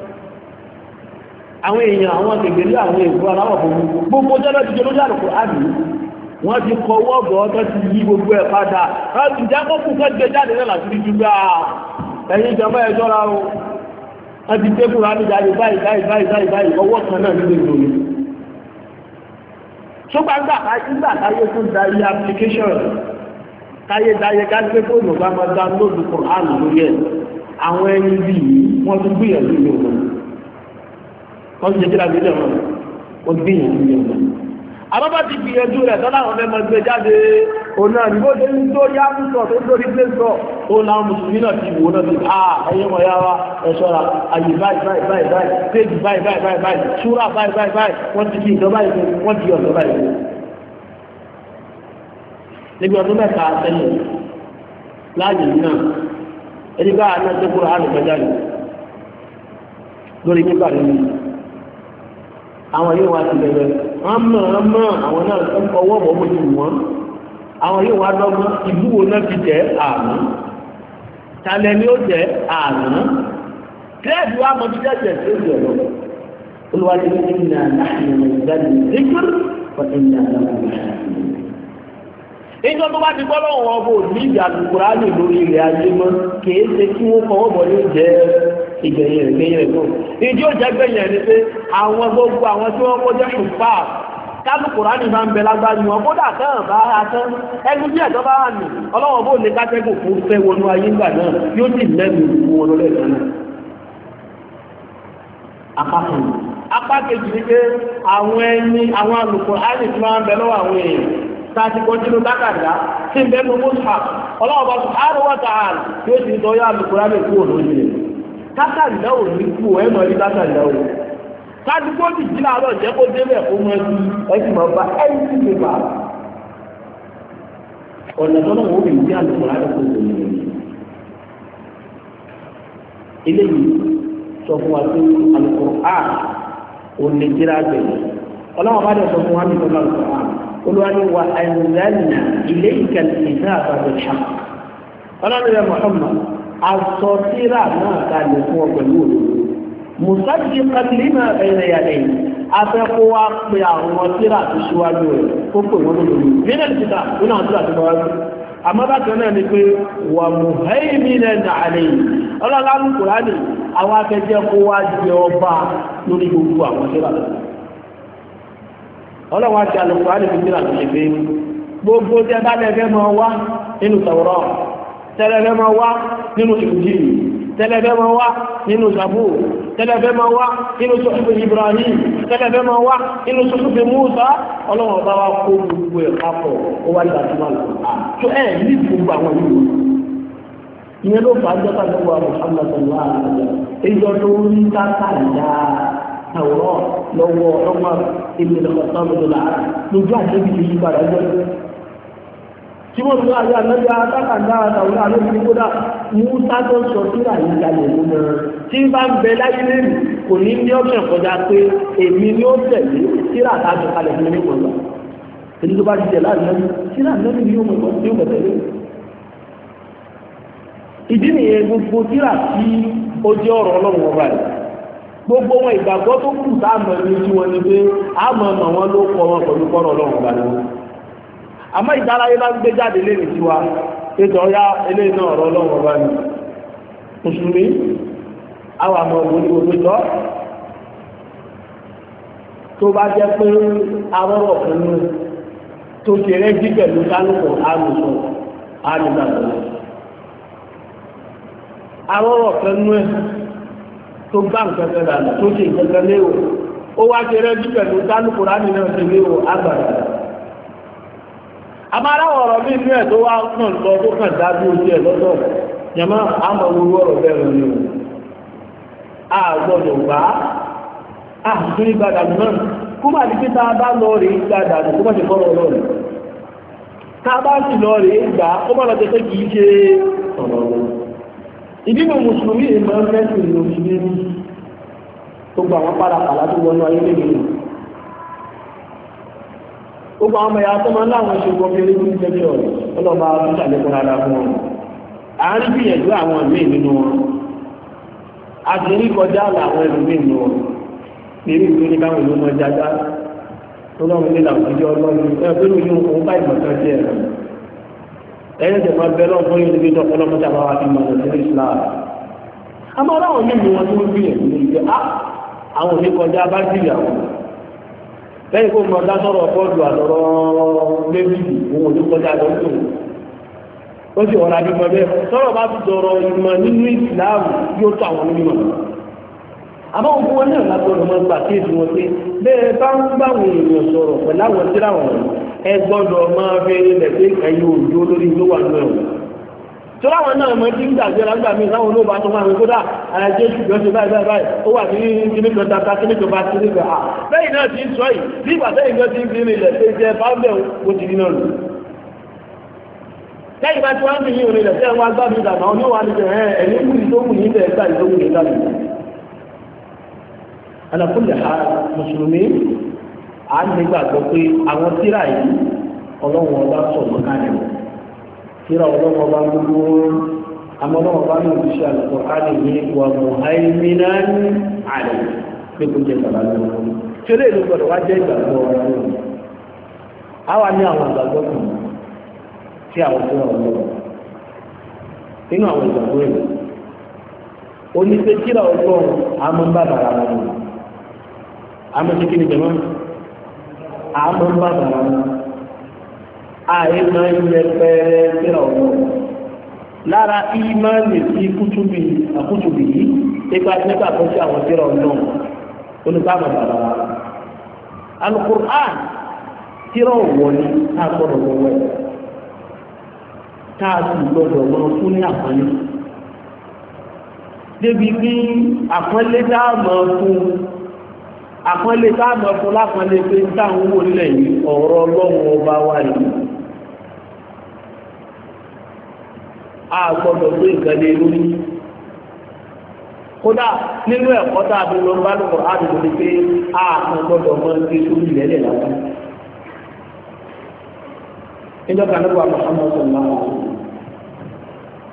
àwọn èèyàn àwọn gbègbèlú àwọn èèkó aláwọ̀ fòmù gbogbo jẹ́lẹ̀ ti jẹ́lú jàrùkú àbí wọ́n ti kọ wọ́ọ̀bọ̀ ọ̀tọ́ ti yí gbogbo ẹ̀ padà láti jákọ́ fún kẹ́gbẹ́ jáde náà láti rí júgbà ah, ẹ̀yìn ìjọba ẹ̀ jọra o wọ́n ti tẹ́kù rámi jáde báyìí báyìí báyìí báyìí báyìí ọwọ́ kan náà nílé ìròyìn ṣùgbọ́n nígbà táyé tún da iye application táyé dáyé káṣípé fóònù bá máa dá lóòdù kùránù lórí ẹ̀ àwọn ẹni bíi wọ́n tún gbìyànjú lóòdù wọ́n ti ṣe kíra gbélé wọn ó gbìyànjú yẹn wọn. àbábá ti gbìyànjú rẹ̀ tọ́lá àwọn fẹ́ máa gbé jáde òun náà níbo tó ń tó yá ń sọ tó ń tó rígbé sọ òun làwọn mùsùlùmí náà ti wò náà ti à ẹyẹ wọn yá wa ẹ ṣọ́ra àyè báyìí báyìí báyìí báyìí péjì báyìí báyìí báyìí báyìí ṣúra báyìí báyìí báyìí wọ́n ti fi ìjọba ìlú wọ́n ti ọ̀dọ́ báyìí. níbi ọdún mẹ́ta sẹ́yìn láàyè náà ẹni bá aná tó kúrò àlùkọjá lórí nígbà lónìí àwọn yóò wá ti bẹ̀rẹ̀ wọ́n mọ̀ wọ́n mọ̀ àwọn náà ń kọwọ́ bọ̀ bó ti wọ́n àwọn yóò wá dọ́gbọ́n ìlú wo náà ti jẹ́ àmì talẹ̀ ni ó jẹ́ àmì kírẹ́ẹ̀dì wa mọ̀ títẹ̀ jẹ́ tí ó jẹ́ lọ olùwárí ní ìnà láàrin ìgbàlè nígbàlè fọ́tí ní àlàkùnrin ìjọ tó bá ti gbọ́ lọ́wọ́ ọ̀bọ̀ òní ìjà àlùkùránì lórí ilẹ̀ ayé mọ́ kèé ṣe kí wọ́n fọwọ́ bọ̀ ní ìjẹ́ ìgbẹ̀yìn rẹ̀ kéyìn rẹ̀ tó. ìdí òjẹ́ gbẹ̀yìn ẹni pé àwọn gbogbo àwọn tí wọ́n kọjá ṣùpá kábù kùránì máa ń bẹ lágbájú wọn kódà tán bá a tán ẹnu bí ẹ̀tọ́ bá ọlọ́wọ́n bó wọnú ayé ńgbà yóò sì lẹ́nu ìlú wọn lọ́lẹ́ náà. apá àwọn ẹni àwọn tí máa ń bẹ lọ́wọ́ kátàlá ò ní kú ẹ mọ̀ ní kátàlá ò kádùúgbò ti jí làárọ̀ jẹ́ kó débẹ̀ kó mọ ẹbí ẹtì mọ̀ bá ẹni tí lè bá ọ̀nà tọ́lọ́ wo lè ní àlùkò láti kó lè lè eléyìí sọ fún wa pé àlùkò a ò lè jíra gbẹ̀yìn ọlọ́wọ́n bá dẹ̀ sọ fún wa nípa àlùkò a olùwàlú wa ẹ̀ńdánì ilé ìkàlẹ̀ ìdá àbàdàn ṣá ọlọ́run rẹ̀ mọ̀ asọ tíra náà kalẹ̀ fún ọ pẹ̀lú òdodo musaji kadiri náà ẹ̀rẹ̀ yàrá yìí afẹ́kọ́ wa pe àwọn tíra tó ṣíwájú rẹ̀ pè wọ́n nínú nínú àwọn tíra tó bá náà ni pé wà náà àlẹ́ yìí ọlọ́lá ń àwọn akẹ́jẹ́ kó wá jẹ ọba lórí gbogbo àwọn tíra àti gbogbo tẹ́ bá mọ́ tẹ́lẹ̀fẹ́ máa wá nínú ìrìnjìn tẹ́lẹ̀fẹ́ máa wá nínú zabu tẹ́lẹ̀fẹ́ máa wá nínú sọ́fẹ́ Ibrahim tẹ́lẹ̀fẹ́ máa wá nínú sọ́fẹ́ Musa ọlọ́wọ́n bá wá kó gbogbo ẹ̀ papọ̀ ó wá máa lọ́wọ́ tí wọ́n tún ayé anájọ́ atákàndá àtàwọn alóòfin kódà musa tó ń sọ síra yìí kalẹ̀ ló mọ́ tí n bá ń bẹ láyé lẹ́nu kò ní ní ọ̀sẹ̀ kọjá pé èmi ni ó tẹ̀lé síra àtàjọ kalẹ̀ fún mi nípa ọ̀la èyí tó bá ti tẹ̀lé àdínẹ́bí síra àdínẹ́bí ni yóò mọ̀ ní yóò tẹ̀lé. ìdí nìyẹn gbogbo síra tí ó jẹ́ ọ̀rọ̀ ọlọ́run ọba rẹ̀ gbogbo wọn ìgbàgbọ́ tó kù tá àmọ́ ẹni tí wọ́n àmọ́ ìdárayé bá gbé jáde lé nìtí wa ètò ọ̀yá eléyìí náà ọ̀rọ̀ ọlọ́run ọba ni mùsùlùmí àwọn àmọ́ òun ni òun tọ́ tó bá jẹ́ pé arọ́rọ̀ fún mi tó ṣe rẹ́jí pẹ̀lú kálukú àrùsọ àrùdàgbọ̀ arọ́rọ̀ fún mi tó gbá nǹkan kan dànù tó ṣe nǹkan kan léwu ó wá ṣe rẹ́jí pẹ̀lú kálukú ránì náà àmàrà ọ̀rọ̀ mi inú ẹ̀ tó wá kàn lọ tó kàn dábí ojú ẹ̀ lọ́dọ̀ yàmá àmọ̀ wúwo ọ̀rọ̀ bẹ́ẹ̀ ni o a gbọ́dọ̀ gbà á àtúntò ìgbàdà náà kó má di a bá lọ rè é gbàdà kó má ti kọ́ lọ́rọ̀ rẹ̀ ká bá sì lọ rè é gbà má lọ tẹ́tẹ́ ṣe ọ̀rọ̀ ìdí mi mùsùlùmí ìmọ̀ gbogbo àwọn gbogbo àwọn ọmọ ìyá tó máa ń láwọn ṣe wọ bíi erékùn jẹjẹ ọ̀rẹ́ ọlọ́ba títà lẹ́kọ̀ọ́ rárá fún wọn. à ń gbìyànjú àwọn míì nínú wọn a ti rí kọjá làwọn ẹlòmíì nínú wọn pèrè ìlú ní káwọn ìlú wọn jájá ọlọ́run ní làwùjọ ọlọ́run ẹ pé mi ní òun bá ìmọ̀ kan díẹ̀ rẹ̀ ẹ̀yẹ́ tẹ̀ máa bẹ lọ́wọ́ fún yín níbi tó ọlọ́run tí a ah, bá gbìyànjú lẹ́yìn kó mọ dásọ̀rọ̀ bọ́ọ̀lù àlọ́rọ̀ lébìlì òun ò ní kọjá lọ sí òun ó sì ọ̀rọ̀ àdìmọ̀ bẹ́ẹ̀ sọ́rọ̀ bá fi dọ̀rọ̀ ìmọ̀ nínú ìsìláàmù yóò tó àwọn onímọ̀ àmọ́ òkú wọn náà gbà wọn pé bẹ́ẹ̀ bá ń bá àwọn èèyàn sọ̀rọ̀ ẹ gbọ́dọ̀ máa pé ẹ̀yin òjò lórí torí àwọn náà mọ tí ń gbàgbé lágbà mí láwọn olóòbá tó máa ń kódà àyájẹ́ ṣùgbọ́n ṣe báyìí báyìí báyìí ó wà ní kíníkan dáadáa kíníkan bá kíníkan à lẹ́yìn náà ti ń sọ yìí bí ìgbà sẹ́yìn náà ti ń fi nílẹ̀ pé jẹ́ báńbẹ̀ ó ti nínú lù. lẹ́yìn bá ti wá ń fi yín òní ilẹ̀ sẹ́yìn wá gbá mi dàgbà ó ní wà ní ẹ̀yìn kùn ìdókùn ní ilẹ̀ ẹ̀ka ìdókùn ní ìlànà. alákùnlé ha mùsùlùmí à ń nígbàgbọ́ pé àwọn tíra yìí ọlọ́run ọba sọ̀rọ̀ káàdì kíra ọlọ́pọ̀ bá gbogbo wọn amọ́lọ́wọ́ bá ní òṣìṣẹ́ àlùkò káàdì ní wà mọ̀háìmínà àlè pé kò jẹ́ bàbá lọ́wọ́ àmọ́ bá àyè máa ń yẹ pẹ́ẹ́rẹ́ síra ọ̀rọ̀ lára ìmáàlì sí kútùbì àkútùbì yìí ipa nípa tó ṣe àwọn síra ọ̀rọ̀ olùbámu bàbá wa alukur'an síra ọ̀wọ́ ni ká gbọ́dọ̀ gbọ́wọ́ ẹ̀ ká sì gbọ́dọ̀ wọn fún ní àpọ́nlé débi bí àpọ́nlé fún lápọ́nlé pé táwọn wò nílẹ̀ yìí ọ̀rọ̀ ọlọ́run ọba wa a gbọ́dọ̀ gbé nǹkan lé lórí kódà nínú ẹ̀kọ́ tá a dúró bá lóko a dúró ní pé a kan gbọ́dọ̀ mọ ní sórí ìlẹ́lẹ̀ lásán níjọ́ kan nípa mọ̀sánmọ́ tó ń bá wọn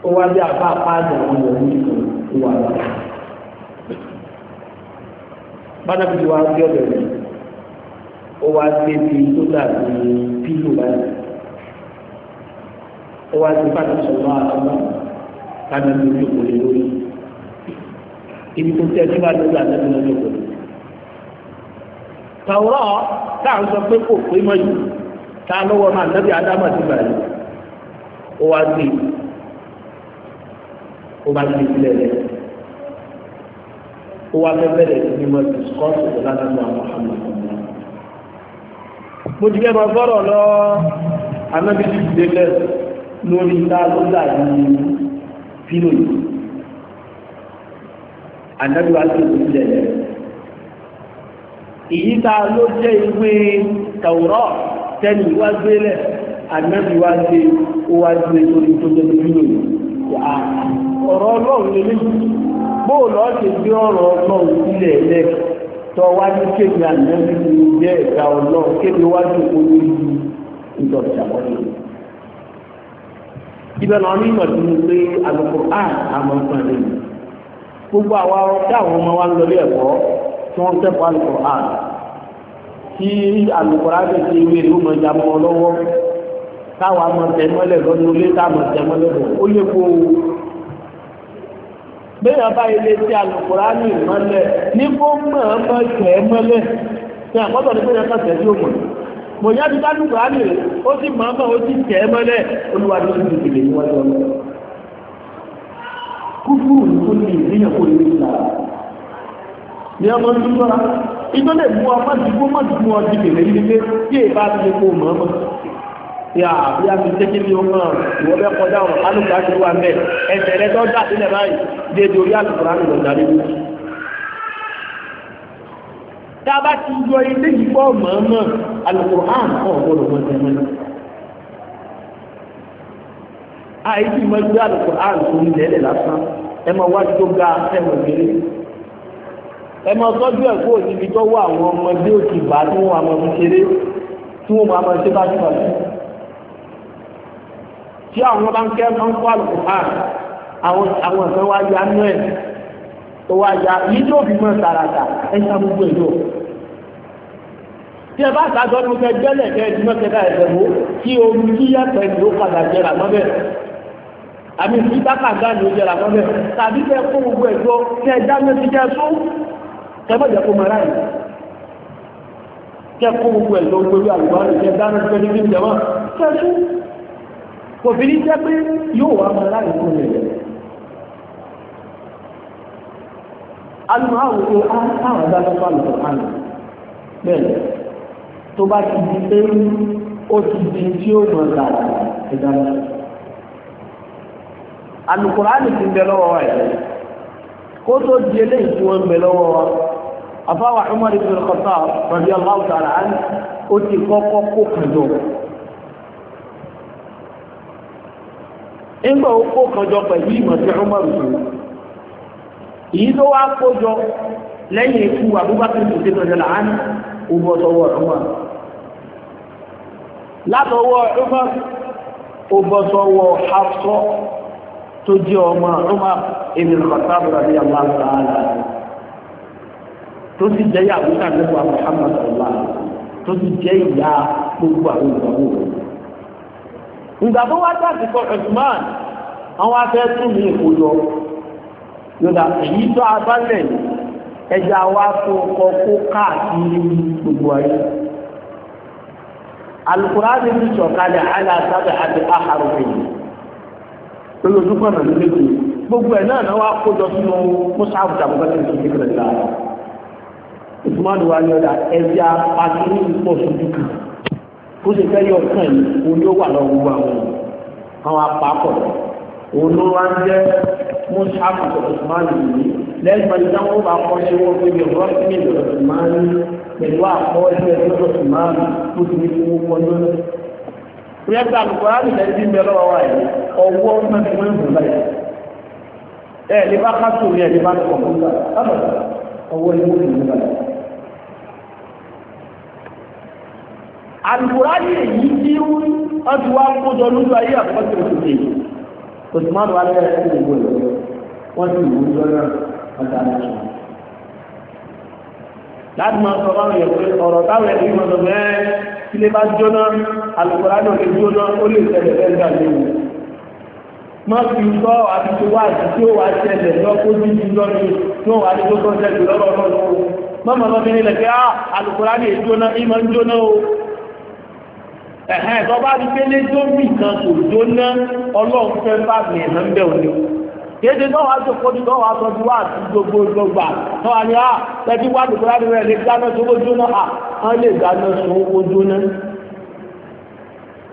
ó wá bí àbá apáàdé àwọn ọmọ mi tó wà lọ. bánábìtì wa gbé ọ̀dọ̀ ó wá débi tó dàbí pílò báyìí ó wá sí fàtí sọ̀rọ̀ àtọ́gbà láti ní ojú òkòlè lórí ibi tó tẹ́ sí fàtí sọ̀rọ̀ àtọ́gbà lójú òkòlè. tàwùrọ̀ tá à ń sọ pé kò pé mọ́ yìí tá a lọ́wọ́ máa nẹ́bí ádámọ̀ sí bàyìí ó wá sí ó bá sí sílẹ̀ rẹ̀ ó wá fẹ́ bẹ̀rẹ̀ sí ní mọ́ ìsọ́ọ̀sì tó àmọ́ mo ti kẹ́ mọ fọ́rọ̀ lọ anábìsí ti dé lórí ta ló dàbí pílò yìí ànábi wa ti òkú lẹ̀ èyí ta ló jẹ́ ìwé tàwùrọ̀ tẹ́lẹ̀ ìwá gbélẹ̀ ànábi wa ti ó wá gbé lórí tó jẹ́ pílò yìí ọ̀rọ̀ ọlọ́run lè léyìí bóòlù ọ̀sẹ̀ gbé ọ̀rọ̀ ọlọ́run sílẹ̀ lẹ̀ tọ́ wá ní kéde ànábi ní ìjẹ́ ẹ̀ka ọlọ́run kéde wájú olórí ìjọba ìjàpọ̀ nìyẹn ibẹ̀ náà ní ìmọ̀ tó ń pé àlùkò àn àmọ́ nǹkan lè mú gbogbo àwa tí àwọn ọmọ wa ń lọlé ẹ̀kọ́ tí wọ́n kẹ́kọ̀ọ́ àlùkò àn tí àlùkò rà bẹ̀ ṣe ìwé ìlú mọ̀ ìjà mọ́ lọ́wọ́ táwa mọ̀ tẹ̀mọ́lẹ̀ lọ́nu ilé táwọn tẹ̀mọ́lẹ̀ lọ ó lé kó o bẹ́ẹ̀ náà bá ilé tí àlùkò rà ní ìmọ̀lẹ̀ ní kó mọ̀ ọ́ mọ̀ mọ̀ yá ti dájú kùránì rẹ̀ ó sì máa mọ̀ ó sì tẹ̀ ẹ́ mọ́lẹ̀ olúwadé ti ti lè wọ́n lọ. kúkúrú ni ó ní ìdíyàn kó lè nílá ní ọmọ tó sọ́ra iná lè mú ọmọ ti kó mọ̀ ti mú ọ ti bèrè ní pé kí ti lè kó mọ̀ ọmọ yà bí a ti tẹ́kí ní ọmọ ìwọ bẹ kọjá ọ̀rọ̀ alùpùpù àti wà mẹ́ ẹsẹ̀ rẹ tó dà sílẹ̀ báyìí dé torí àlùkùránì tá a bá ti yọ ilé yìí pọ̀ mọ̀ọ́mọ̀ alukur'an kọ̀ gbọ́dọ̀ mọ̀ tẹ́lẹ̀ náà. àìsí mọ̀ gbé alukur'an tó ń lẹ́lẹ̀ lásán ẹ máa wá tó ga ẹ máa gbélé. ẹ máa tọ́jú ẹ̀ kó òsibí tó wọ àwọn ọmọdé òkè bá tí wọ́n máa mú kéré tí wọ́n máa máa ṣe bá jùlọ sí. tí àwọn bá ń kẹ́ máa ń kọ́ alukur'an àwọn àwọn ìfẹ́ wá ya nú ẹ̀ tó wá yìí tó fi mọ̀ tààràtà ẹ̀ ń sá gbogbo tí ẹ bá sàgbọ́n ní mo fẹ́ gbẹ́lẹ̀ kẹ́ ẹ dúró kẹta ẹ̀fẹ̀ wo kí omi kí yàtọ̀ ìlú padà jẹrà mọ́bẹ̀ àmì kí bákàgbá ni ó jẹrà mọ́bẹ̀ tàbí kẹ́ kó gbogbo ẹ̀jọ́ kẹ́ ẹ dáná sí kẹ́ sún kẹ́ mọ̀ jẹ́ kó mọ aráyè kẹ́ kó gbogbo ẹ̀jọ́ gbogbo àlùbọ́ rẹ̀ kẹ́ dáná sí kẹ́ sí jẹ́mọ́ kẹ́ sún kò fi ní jẹ́ pé yóò wá mọ aráyè kó lè rẹ̀ alùpàá àwùjọ àwọn àdáná fún àlùkò àná bẹ́ẹ̀ tó bá ti di pé ó ti di tí ó mọ̀ gbà ìdáná. Àlùkùránì ti ń bẹ lọ́wọ́ wa yìí kó tó di eléyìí tí wọ́n ń bẹ lọ́wọ́ wa àfáwà Umar ibn al-Khattab radiyallahu ta'ala anhu ó ti kọ́kọ́ kó kànjọ. nígbà ó kó kànjọ pẹ̀lú ìmọ̀ tí Umar sùn èyí tó wá kó jọ lẹ́yìn ikú Abubakar ibn al-Khattab ó bọ́ sọ́wọ́ Umar látọwọ́ ọmọ ọbọ̀tọwọ́ Hafsa tó jẹ́ ọmọ ọmọ ibn Khattab radiyallahu ta'ala tó sì jẹ́ yàgò sàgbẹ́wà Muhammad ọ̀la tó sì jẹ́ ìyá gbogbo àwọn ìgbàgbọ́ rẹ̀. ìgbàgbọ́ wá jáde kọ Uthman àwọn afẹ́ tún ní yọ yọ̀dà èyí tó abálẹ̀ ẹja wa tó kọ kó káàkiri gbogbo ayé alukurani ti sọ̀kalẹ̀ ala sábẹ àti aharufi lójú kọnà ló lébi gbogbo ẹ náà náà wàá kójọ sínú mùsàlùmí tàbí bàtà ìṣòwò kékeré la ìfúnmáàdù wa ni ọ̀dà ẹ̀dí apàtì ní ipò kó ṣe fẹ́ yọ ọ̀kan yìí òun yóò wà lọ́wọ́ gbogbo àwọn àwọn apá pọ̀ lọ́wọ́. òun ló wá ń yìí lẹ́yìn pẹ̀lú bá kọ́ ṣe wọ́n pé bí ọ̀rọ̀ sí pẹ̀lú àkọ́ ẹgbẹ́ ẹgbẹ́ ọ̀sùnmáàlì tó ti ní fún owó ọdún náà. Ìyẹ́sì àlùkò láti lẹ́yìn bí mẹ́rọ wa yìí ọwọ́ mẹ́fì Ẹ kásù láti èyí tí ti wá kó jọ lójú ayé Osùmánù wa lẹ́yìn ẹ̀sìn ìwò lọ wọ́n ti wù ú lọ́nà ọ̀dà lọ́sùn. láti máa sọ báwọn yẹn pé ọ̀rọ̀ táwọn ẹ̀sìn máa sọ bẹ́ẹ̀ ilé bá jóná alùpùpù náà lè jóná ó lè ṣẹlẹ̀ bẹ́ẹ̀ gbà léwu. má fi sọ àtúntò wá àti tí ó wá ṣẹlẹ̀ lọ́kọ́ jíjí lọ́ni tí ó wà ní gbogbo ṣẹlẹ̀ lọ́rọ̀ lọ́rọ̀ má má má fi nílẹ̀ pé alùpùpù náà lè jóná ìmọ̀ ń jóná o ẹ̀hẹ́n tó bá rí pélé tó mì kan kò jóná ọlọ́run fẹ́ bá mi ẹ̀hán bẹ́ òní kéde tó wàá tó kọ́ni tó wàá tọ́jú wá àti gbogbo gbogbo tó wà ní à ah, tẹ́tí wá dùkú láti rẹ̀ lè dáná sówó jóná à ah, wọ́n lè dáná sówó jóná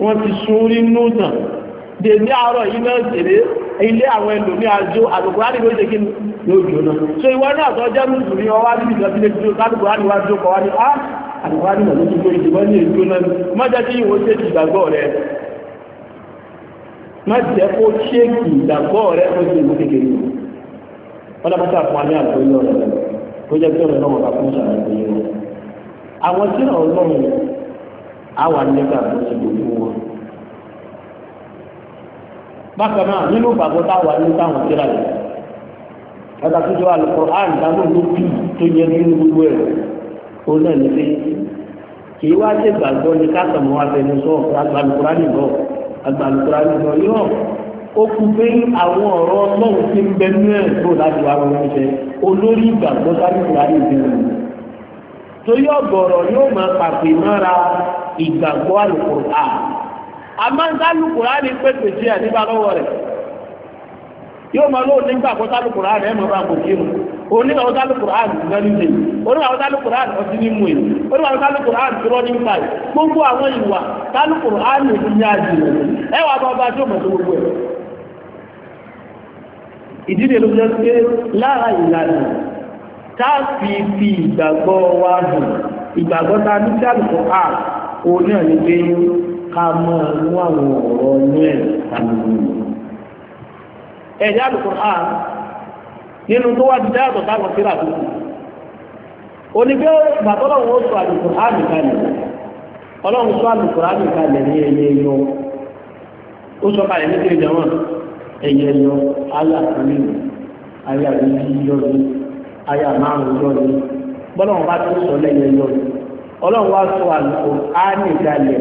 wọ́n ti sun rí nù tàn dèmí àárọ̀ yìí náà tèrè ilé àwọn ẹlòmí àjò àgbègbè àdìgbò ṣe kí ló jóná so ìwọ náà tó jẹ́ mùsùlùmí ọwá níbi ìjọba ilé tó kálukú àdìgbò àjò kọ̀ wá ní à ah, àlùfáà nínú ló ti lórí ìdìbọn ní èdè náà má jẹ́ kí ìwọ ṣe ti ìgbàgbọ́ rẹ má jẹ́ kó ṣe kì ìgbàgbọ́ rẹ tó ṣe ìlú kékeré wọn lọ pátá fún alẹ́ àgbẹ̀ yọ̀ rẹ̀ tó jẹ́ kí ọ̀rẹ́ náà wọ́n bá fún ìṣàlẹ̀ tó yẹ wọn. àwọn tí náà lọ́rùn àwọn àníkà ló ti gbogbo wọn. bákan náà nínú ìgbàgbọ́ táwọn ní táwọn kíra yìí yẹ nínú òun náà ní pé kì í wá sí gbàgbọ́ ní kásàmù afẹnusọ agbalùkúrá nìbọ agbalùkúrá nìbọ yọ ó kú pé àwọn ọ̀rọ̀ ọlọ́run ti ń bẹ nínú ẹ̀ tó láti wá wọn ṣe olórí ìgbàgbọ́ sábìkúrá nìbẹ rẹ torí ọ̀gọ̀rọ̀ yóò máa pàpè mọ́ra ìgbàgbọ́ àlùkùrá àmọ́ sálùkùrá ní pépè sí ẹ̀ nígbà lọ́wọ́ rẹ̀ yóò máa lóun nígbàgbọ́ sálùkùrá rẹ̀ mọ́ bá kò kírun òní àwọn tálù Qur'an lọ́ní ṣe òní onu tálù Qur'an ọtí ní mú yìí òní àwọn Qur'an tí wọ́n gbogbo àwọn ìwà tálù Qur'an ní ní àjùmọ̀ ẹ bá bá tó gbogbo ẹ̀. ìdí dị olùkọ́ pé lára ìlànà tá a fi fi ìgbàgbọ́ wa dùn ìgbàgbọ́ ta ní tálù Qur'an òní pé ká máa mú àwọn ọ̀rọ̀ ní nínú tó wá dídá àtọ̀ táwọn síra tó onígbé gbàtọ́lọ́hún ó sọ àlùkò ọlọ́run sọ àlùkò áàmì ní ẹyẹ yọ ó sọ kalẹ̀ ní kéde jọ̀wọ́n ẹyẹ yọ ayà kúrì ayà méjì yọ ni márùn yọ ni bá tó sọ lẹ́yẹ yọ ọlọ́run wá sọ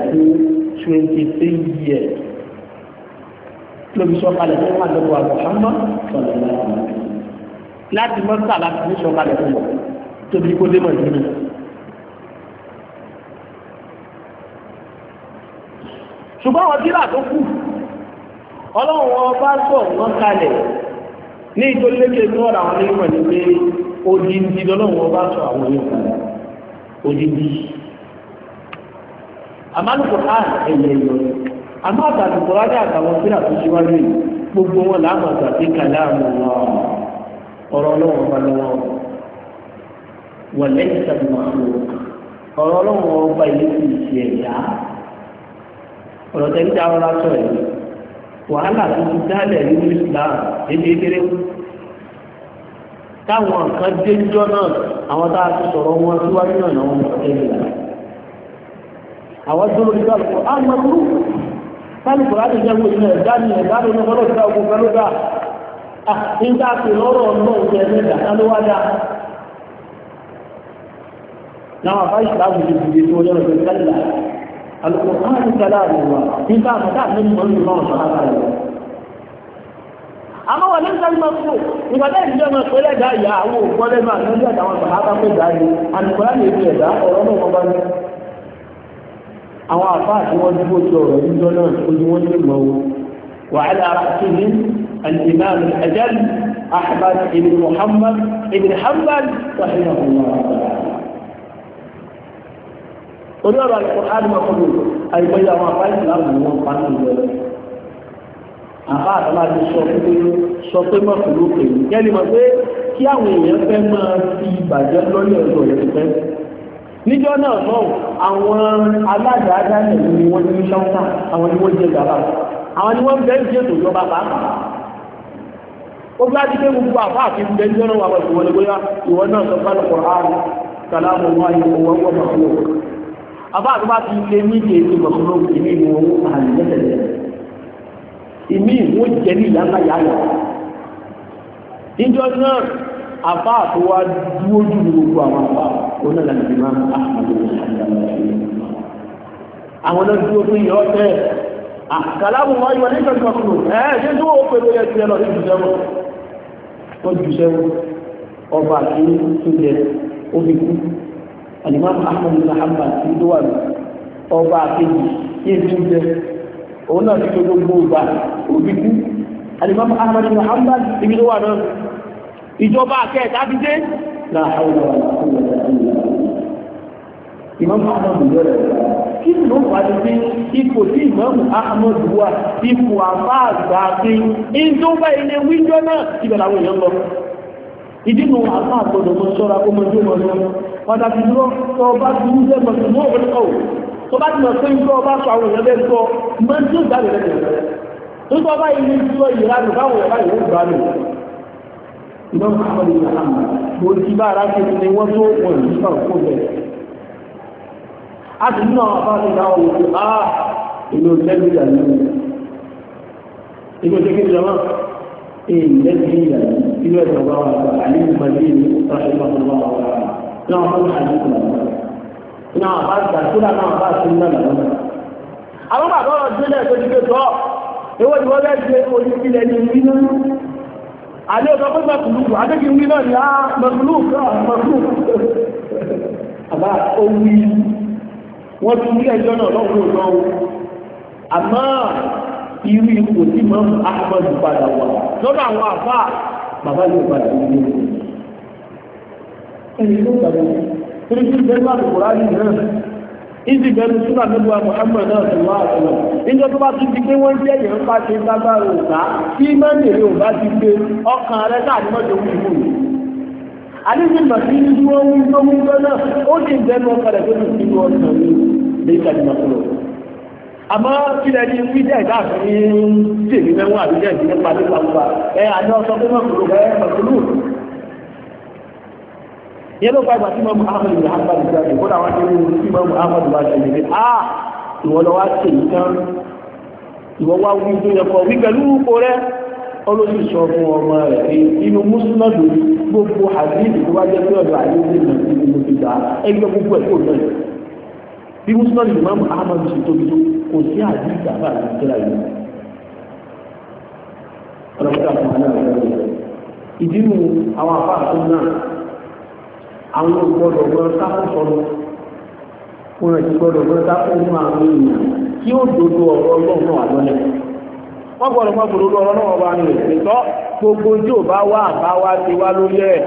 fún twenty three years lóbi sọ kalẹ̀ fún láti mọ́tà láti ní sọ̀ka lẹ̀ fún wọn tóbi kó dé mọ̀jìnà. ṣùgbọ́n àwọn tíra tó kù ọlọ́run wọn bá sọ̀ wọn kalẹ̀ ní ìtòlú lékè tó ọ̀rọ̀ àwọn onímọ̀ ní pé odindi lọ́lọ́run wọn bá sọ àwọn onímọ̀ kalẹ̀ odindi. àmàlùkò hàn ẹ̀yẹ yọ àmọ́ àtàlùkò rájà àtàwọn tíra tó ṣíwájú yìí gbogbo wọn làwọn àgbà pé kàlẹ́ àmọ́ wọn ọ̀rọ̀ ọlọ́run ọba lọ́wọ́ wà lẹ́yìn sábà ọ̀rọ̀ ọlọ́run ọba ilé kù sí ẹ̀yà ọ̀rọ̀ tẹ́lí tí a rọra sọ ẹ̀ wàhálà tó ti dálẹ̀ nínú Islam débi táwọn kan dé jọ náà àwọn tá a ti sọ̀rọ̀ wọn síwájú náà náà wọn kọ́ tẹ́lẹ̀ rà àwọn tó lórí ká lọ́kọ̀ á máa lù sálùkù láti jẹ́ wọ́n ìlú ẹ̀dá ni ẹ̀dá ló ní ọlọ́ọ̀dá ogun kan Ah, nígbà tí lọ́rọ̀ náà jẹ mẹ́ta kálówádá náà àbá na ti dìde tó lọ́rọ̀ tó kálá alùpùpù káà ní kálá àbúrò nígbà àbúrò àti mímọ́ ní náà sọ́ra kálá àmọ́ wà nígbà tí wọ́n ìgbà tí ìjọba máa pẹ́ lẹ́dàá ìyá àwọn òkúọ́ lẹ́nu àtúndì àtàwọn sàhábà pé dáadé ànìkọ́lá ẹ̀dá ọ̀rọ̀ náà wọ́n bá ní. àwọn àfáà tí wọ́n dúró náà ojú wọn wàhálà ní الإمام الأجل أحمد بن محمد بن حنبل رحمه الله orí ọ̀rọ̀ àìkọ́kọ́ máa kọ́ ló àìkọ́ yìí àwọn apá ìsìlámù ni wọ́n pa ní ìlú ẹ̀ àbá àtàlà ti sọ pé sọ pé mọ̀ kò ló pè é kẹ́lí mọ̀ pé kí àwọn èèyàn fẹ́ máa fi ìbàjẹ́ lọ́lẹ̀ ọ̀dọ̀ rẹ̀ pẹ́ níjọ́ náà náà àwọn aládàáda nìyí ni wọ́n ní sáwọ́sà àwọn ni wọ́n jẹ gàba àwọn ni wọ́n bẹ́ẹ̀ jẹ́ tòjọba pàápàá ó bí adé gbogbo àfáà fi bẹ ní ọ̀nà wàhálà ìwọlé bóyá ìwọ náà sọ fún àlùkò ààrùn kàlámù wá ìwọ wọn wọn máa lò àfáà tó bá ti lé ní ìdè ètò mọ̀kúrò ìmí ìwọ wọn àlè lẹ́sẹ̀lẹ̀ ìmí ìwọ jẹ ní ìyáńlá yàrá níjọ náà àfáà tó wá dúró ju gbogbo àwọn àfáà onílànà ìmọ̀ àhàmàdé àwọn náà dúró fún ìyọ́ tẹ́ kàlámù ah, wá ìwọ ní ìtọ́jú mọ̀kúrò wọ́n ju ọba àti ìjẹ omi alimami ahmed muhammad ti ọba àkejì yé tún náà ti tó gbogbo ọba omi alimami ahmed muhammad ti ló wà lọ ìjọba àkẹẹ̀ta ti dé náà àwọn ọmọ ìjọba ìjọba kí ló wà ní pé ipò tí ìmọ̀mù ahmed wà ipò àbá pé ìjọ bá ilé wíjọ náà ibẹ̀ làwọn èèyàn lọ ìdí nu àbá àgbọ̀dọ̀ mọ sọ́ra kó mọ ojú mọ lọ pàtàkì lọ tó ọba tó ń jẹ́ mọ̀tò mọ́ òun tó bá ti mọ̀ pé sọ àwọn èèyàn bẹ́ẹ̀ sọ mọ bá ilé sọ báwọn gbà mo ti bá ara wọ́n tó wọ̀ a sì nínú àwọn afáàlì náà wò ó á ah, èmi ò lẹ́nu ìyà yìí èmi ò tẹ́kí ìjọba èmi lẹ́nu ìyà yìí ilé ẹ̀sìn ọba wa àlẹ́ ìgbàlẹ́ ìlú ọ̀ṣẹ́ ìgbàlẹ́ wa wà náà wọ́n máa ní ìgbàlẹ́ náà bá gbà sílá náà bá sí ní ọ̀nà náà. àwọn bàbá ọ̀rọ̀ sílẹ̀ tó ti gbé tọ́ ewé ni wọ́n bẹ́ẹ̀ ṣe onípìlẹ̀ ní ìlú náà àlẹ́ ọ̀dọ́ pé mọ̀kùlùkù àdékì ń wí náà ní á ah, mọ̀kùlùkù àbá ó wí wọ́n ti rí ẹjọ́ náà lọ́wọ́ lọ́wọ́ àmọ́ irú ipò tí mọ́mú ahmed padà wà lọ́dọ̀ àwọn àbá bàbá yóò padà wọ́n ní ìlú ẹni tó gbàgbé torí tí bẹ́ẹ̀ bá kòkòrò ayé náà ìdí bẹ́ẹ̀ súnà níbi wa muhammed náà tó wá àtọ̀nà níjọ́ tó bá tún di pé wọ́n jẹ́ yẹn bá ṣe lágbára òkà tí mẹ́rin ò bá ti gbé ọkàn rẹ̀ àdéhùn ìgbà tí wọ́n ń gbọ́ náà ó sì ń bẹ́ẹ̀ ní ọkàn tó ti fi wọ́n sàn ní léyìí tàbí mọ́tòlò. àmọ́ kílẹ̀ ní wíjà ìdá àti tèmi mẹ́wọ́n àbíjà ìdí nípa nípa nípa ẹ àjọ sọ pé mọ́tòlò ẹ mọ́tòlò. yẹn ló fa ìgbà tí mọ́mú ahmed ní ahmed ní ìgbàgbé kó làwọn akéwì tí mọ́mú ahmed bá ṣe nìyẹn ah! a ìwọ lọ wá ṣe yìí tán ìwọ wá wí tó yẹ kọ wí pẹ̀lú kó rẹ olóṣù sọ fún ọmọ rẹ pé inú mùsùlùmí gbogbo àdéhùn tó wá jẹ pé ọ̀dọ̀ àdéhùn náà ti gbogbo ti gbà ẹgbẹ́ bí mùsùlùmí ìmáàmù ahmadu ṣe tóbi tó kò sí àdìsí àbá yìí ìdí nu àwọn afá náà àwọn sáfù wọn sáfù àwọn èèyàn kí ó dodo ọ̀rọ̀ Ọlọ́run náà lọlẹ wọn gbọ́dọ̀ má gbọ́dọ̀ ọ̀rọ̀ náà ní gbogbo ò bá ti wá lórí ẹ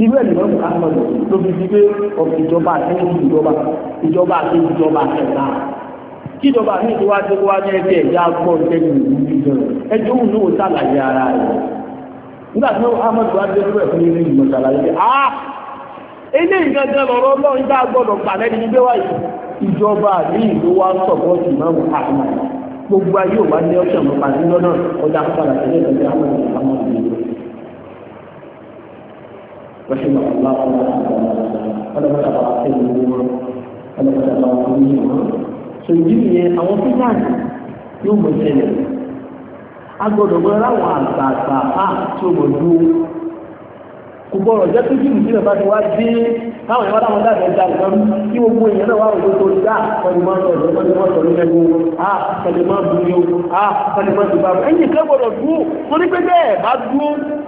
irú ẹ̀ lọ́wọ́ ahmed ló fi dị pé ìjọba àtẹ́jú ìjọba ìjọba ìjọba kí ìjọba mi ti wá sí wá ní ẹgbẹ́ ìlú ẹjọ́ òun sàlàyé ara rẹ̀ nígbà tí wọ́n wá dé lórí ẹ̀fún sàlàyé a ilé ìgbẹ́jẹ́ lọ́rọ́ náà ń dá gbọ́dọ̀ pàdé ní gbé wáyé ìjọba mi ló wá sọ̀pọ̀ ìmọ̀ ahmed gbogbo ayé ò bá ní ọ̀sẹ̀ lọ́nà ọjà رحمه الله تعالى ولا متابعة سلمه ولا متابعة سلمه sòyí yẹn àwọn fíjáàdì yóò mọ ìṣẹ̀lẹ̀ agbọ́dọ̀ gbọ́dọ̀ láwọn àgbààgbà á tí ó mọ dúró kò gbọ́dọ̀ jẹ pé jíìmù sílẹ̀ bá ti wá dé káwọn ìwádà wọn dàbẹ ẹja nǹkan kí gbogbo èèyàn náà wà wọlé tó ní dá ọdún máa ń sọ̀rọ̀ ọdún máa ń sọ̀rọ̀ lẹ́nu á tẹlẹ máa ń dúró á tẹlẹ máa ń dúró ẹ̀yìn kan gbọ́dọ̀ dúró torí pé bẹ́ẹ̀ bá dúró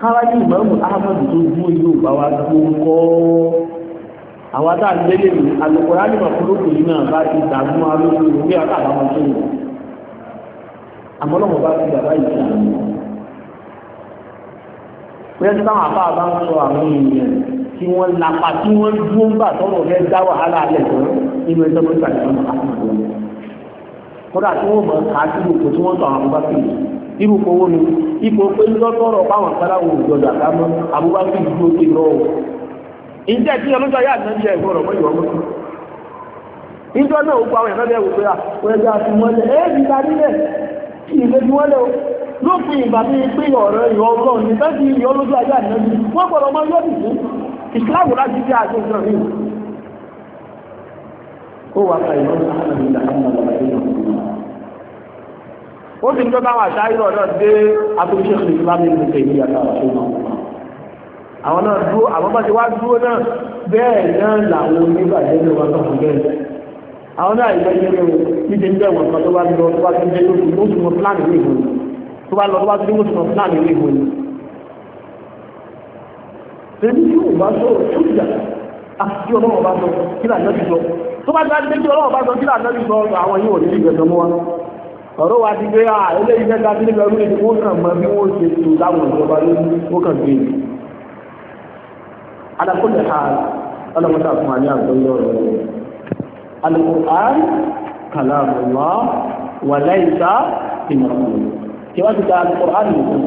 káwájú ìmọ̀ọ́mù ahmed tó dúró yóò bá wa dúró kọ́ àwọn tá à ń délé mi àlùkòrá ní màkúrókò yìí náà bá ti dààmú arúgbó ní ọ̀tá àbámọ́ tó yẹ àmọ́ lọ́mọ bá ti bàbá yìí sí àná bóyá tí táwọn afá bá ń sọ àwọn èèyàn tí wọ́n lapa tí wọ́n dúró ń bà tọ́wọ́ fẹ́ dá wàhálà alẹ̀ tán nínú ẹjọ́ pé ìgbà tí wọ́n máa kódà tí wọ́n mọ̀ ká irú kowó ni ipò pé lọ́tọ̀ọ̀rọ̀ báwọn sára wò ìjọba àkámọ́ Abubakar ìdúró ti lọ o. ìjẹ́ tí ọlọ́jọ́ yá àná jẹ́ ìfọ̀rọ̀ mọ́ ìwọ́n mọ́tò. ìjọ náà ó gba àwọn ìfẹ́ wò pé àwọn ẹgbẹ́ àti mọ́lẹ̀ ẹ́ẹ̀dì kí o. lópin ìgbà mi pé ó sì ń tó báwọn àṣà ìrọ̀ náà dé abúlé ṣe ìsìlámù ìlú tèmi àtàwọn ṣe náà àwọn náà dúró àwọn bá ti wá dúró náà bẹ́ẹ̀ náà làwọn oníbàjẹ́ ní wọn náà fún bẹ́ẹ̀ àwọn náà ìgbẹ́ yẹn ló níbi ń bẹ̀ wọn kan tó bá lọ tó bá ti dé lóṣù lóṣù mọ pílánì ní ìwòye tó bá lọ tó bá ti dé lóṣù mọ pílánì ní ìwòye. Èmi yóò bá ah, bá sọ kí làjọ́ ọlọ́wọ́ bá sọ kí ọ̀rọ̀ wa ti gbé à ah, eléyìí mẹ́ta sí nípa orílẹ̀-èdè wọ́n kàn mọ bí wọ́n ṣe tò láwọn ìjọba lórí wọ́n kàn gbé yìí. alákòlè ha ọlọ́mọdé àfún àní àgbọ̀yọ̀ rẹ̀ Al-Qur'an kalamullah wa laysa ìmọ̀ràn kí wọ́n ti ta Al-Qur'an nìkan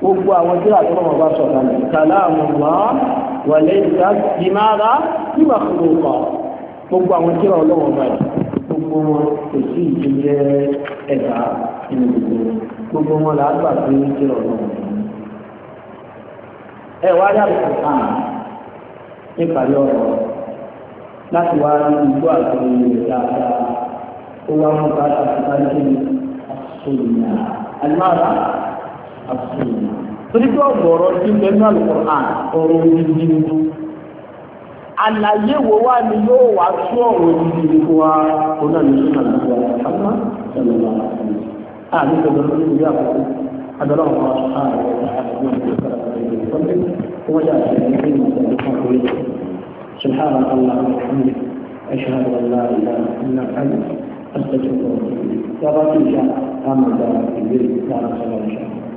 gbogbo àwọn tí àti ọmọ bá sọ kalẹ̀ kalamullah wa laysa ìmọ̀ràn ìmọ̀ràn gbogbo àwọn tí ọlọ́wọ́ báyìí gbogbo wọn kò sí ìdílé ẹ̀dá nínú gbogbo gbogbo wọn là á gbà pé ń jẹ́ ọ̀nà ẹ wá yàtọ̀ hàn nípàdé ọ̀rọ̀ láti wá ìlú àgbèrè dáadáa ó wá mú bá àtúntàjẹ́ àṣùnà àlùmáàlà àṣùnà torí pé ọ̀gọ̀ọ̀rọ̀ tí ń bẹ́ẹ̀ ní àlùkò hàn ọ̀rọ̀ òdìdí nínú. àlàyé wo wá ni yóò wá tú ọ̀rọ̀ ìdíje ìdìbò wa kó náà ní sọ́nà àdúgbò àkókò ẹ̀rọ ìlànà àti ìṣẹ̀lẹ̀ lórí ati sọ́nà àkókò àdọ́rọ̀ ọ̀rọ̀ àti àwọn ìṣẹ̀lẹ̀ سبحانك اللهم وبحمدك أشهد أن لا إله إلا أنت أستغفرك وأتوب إليك. sona رب إن شاء الله آمن بارك إليك يا رسول الله.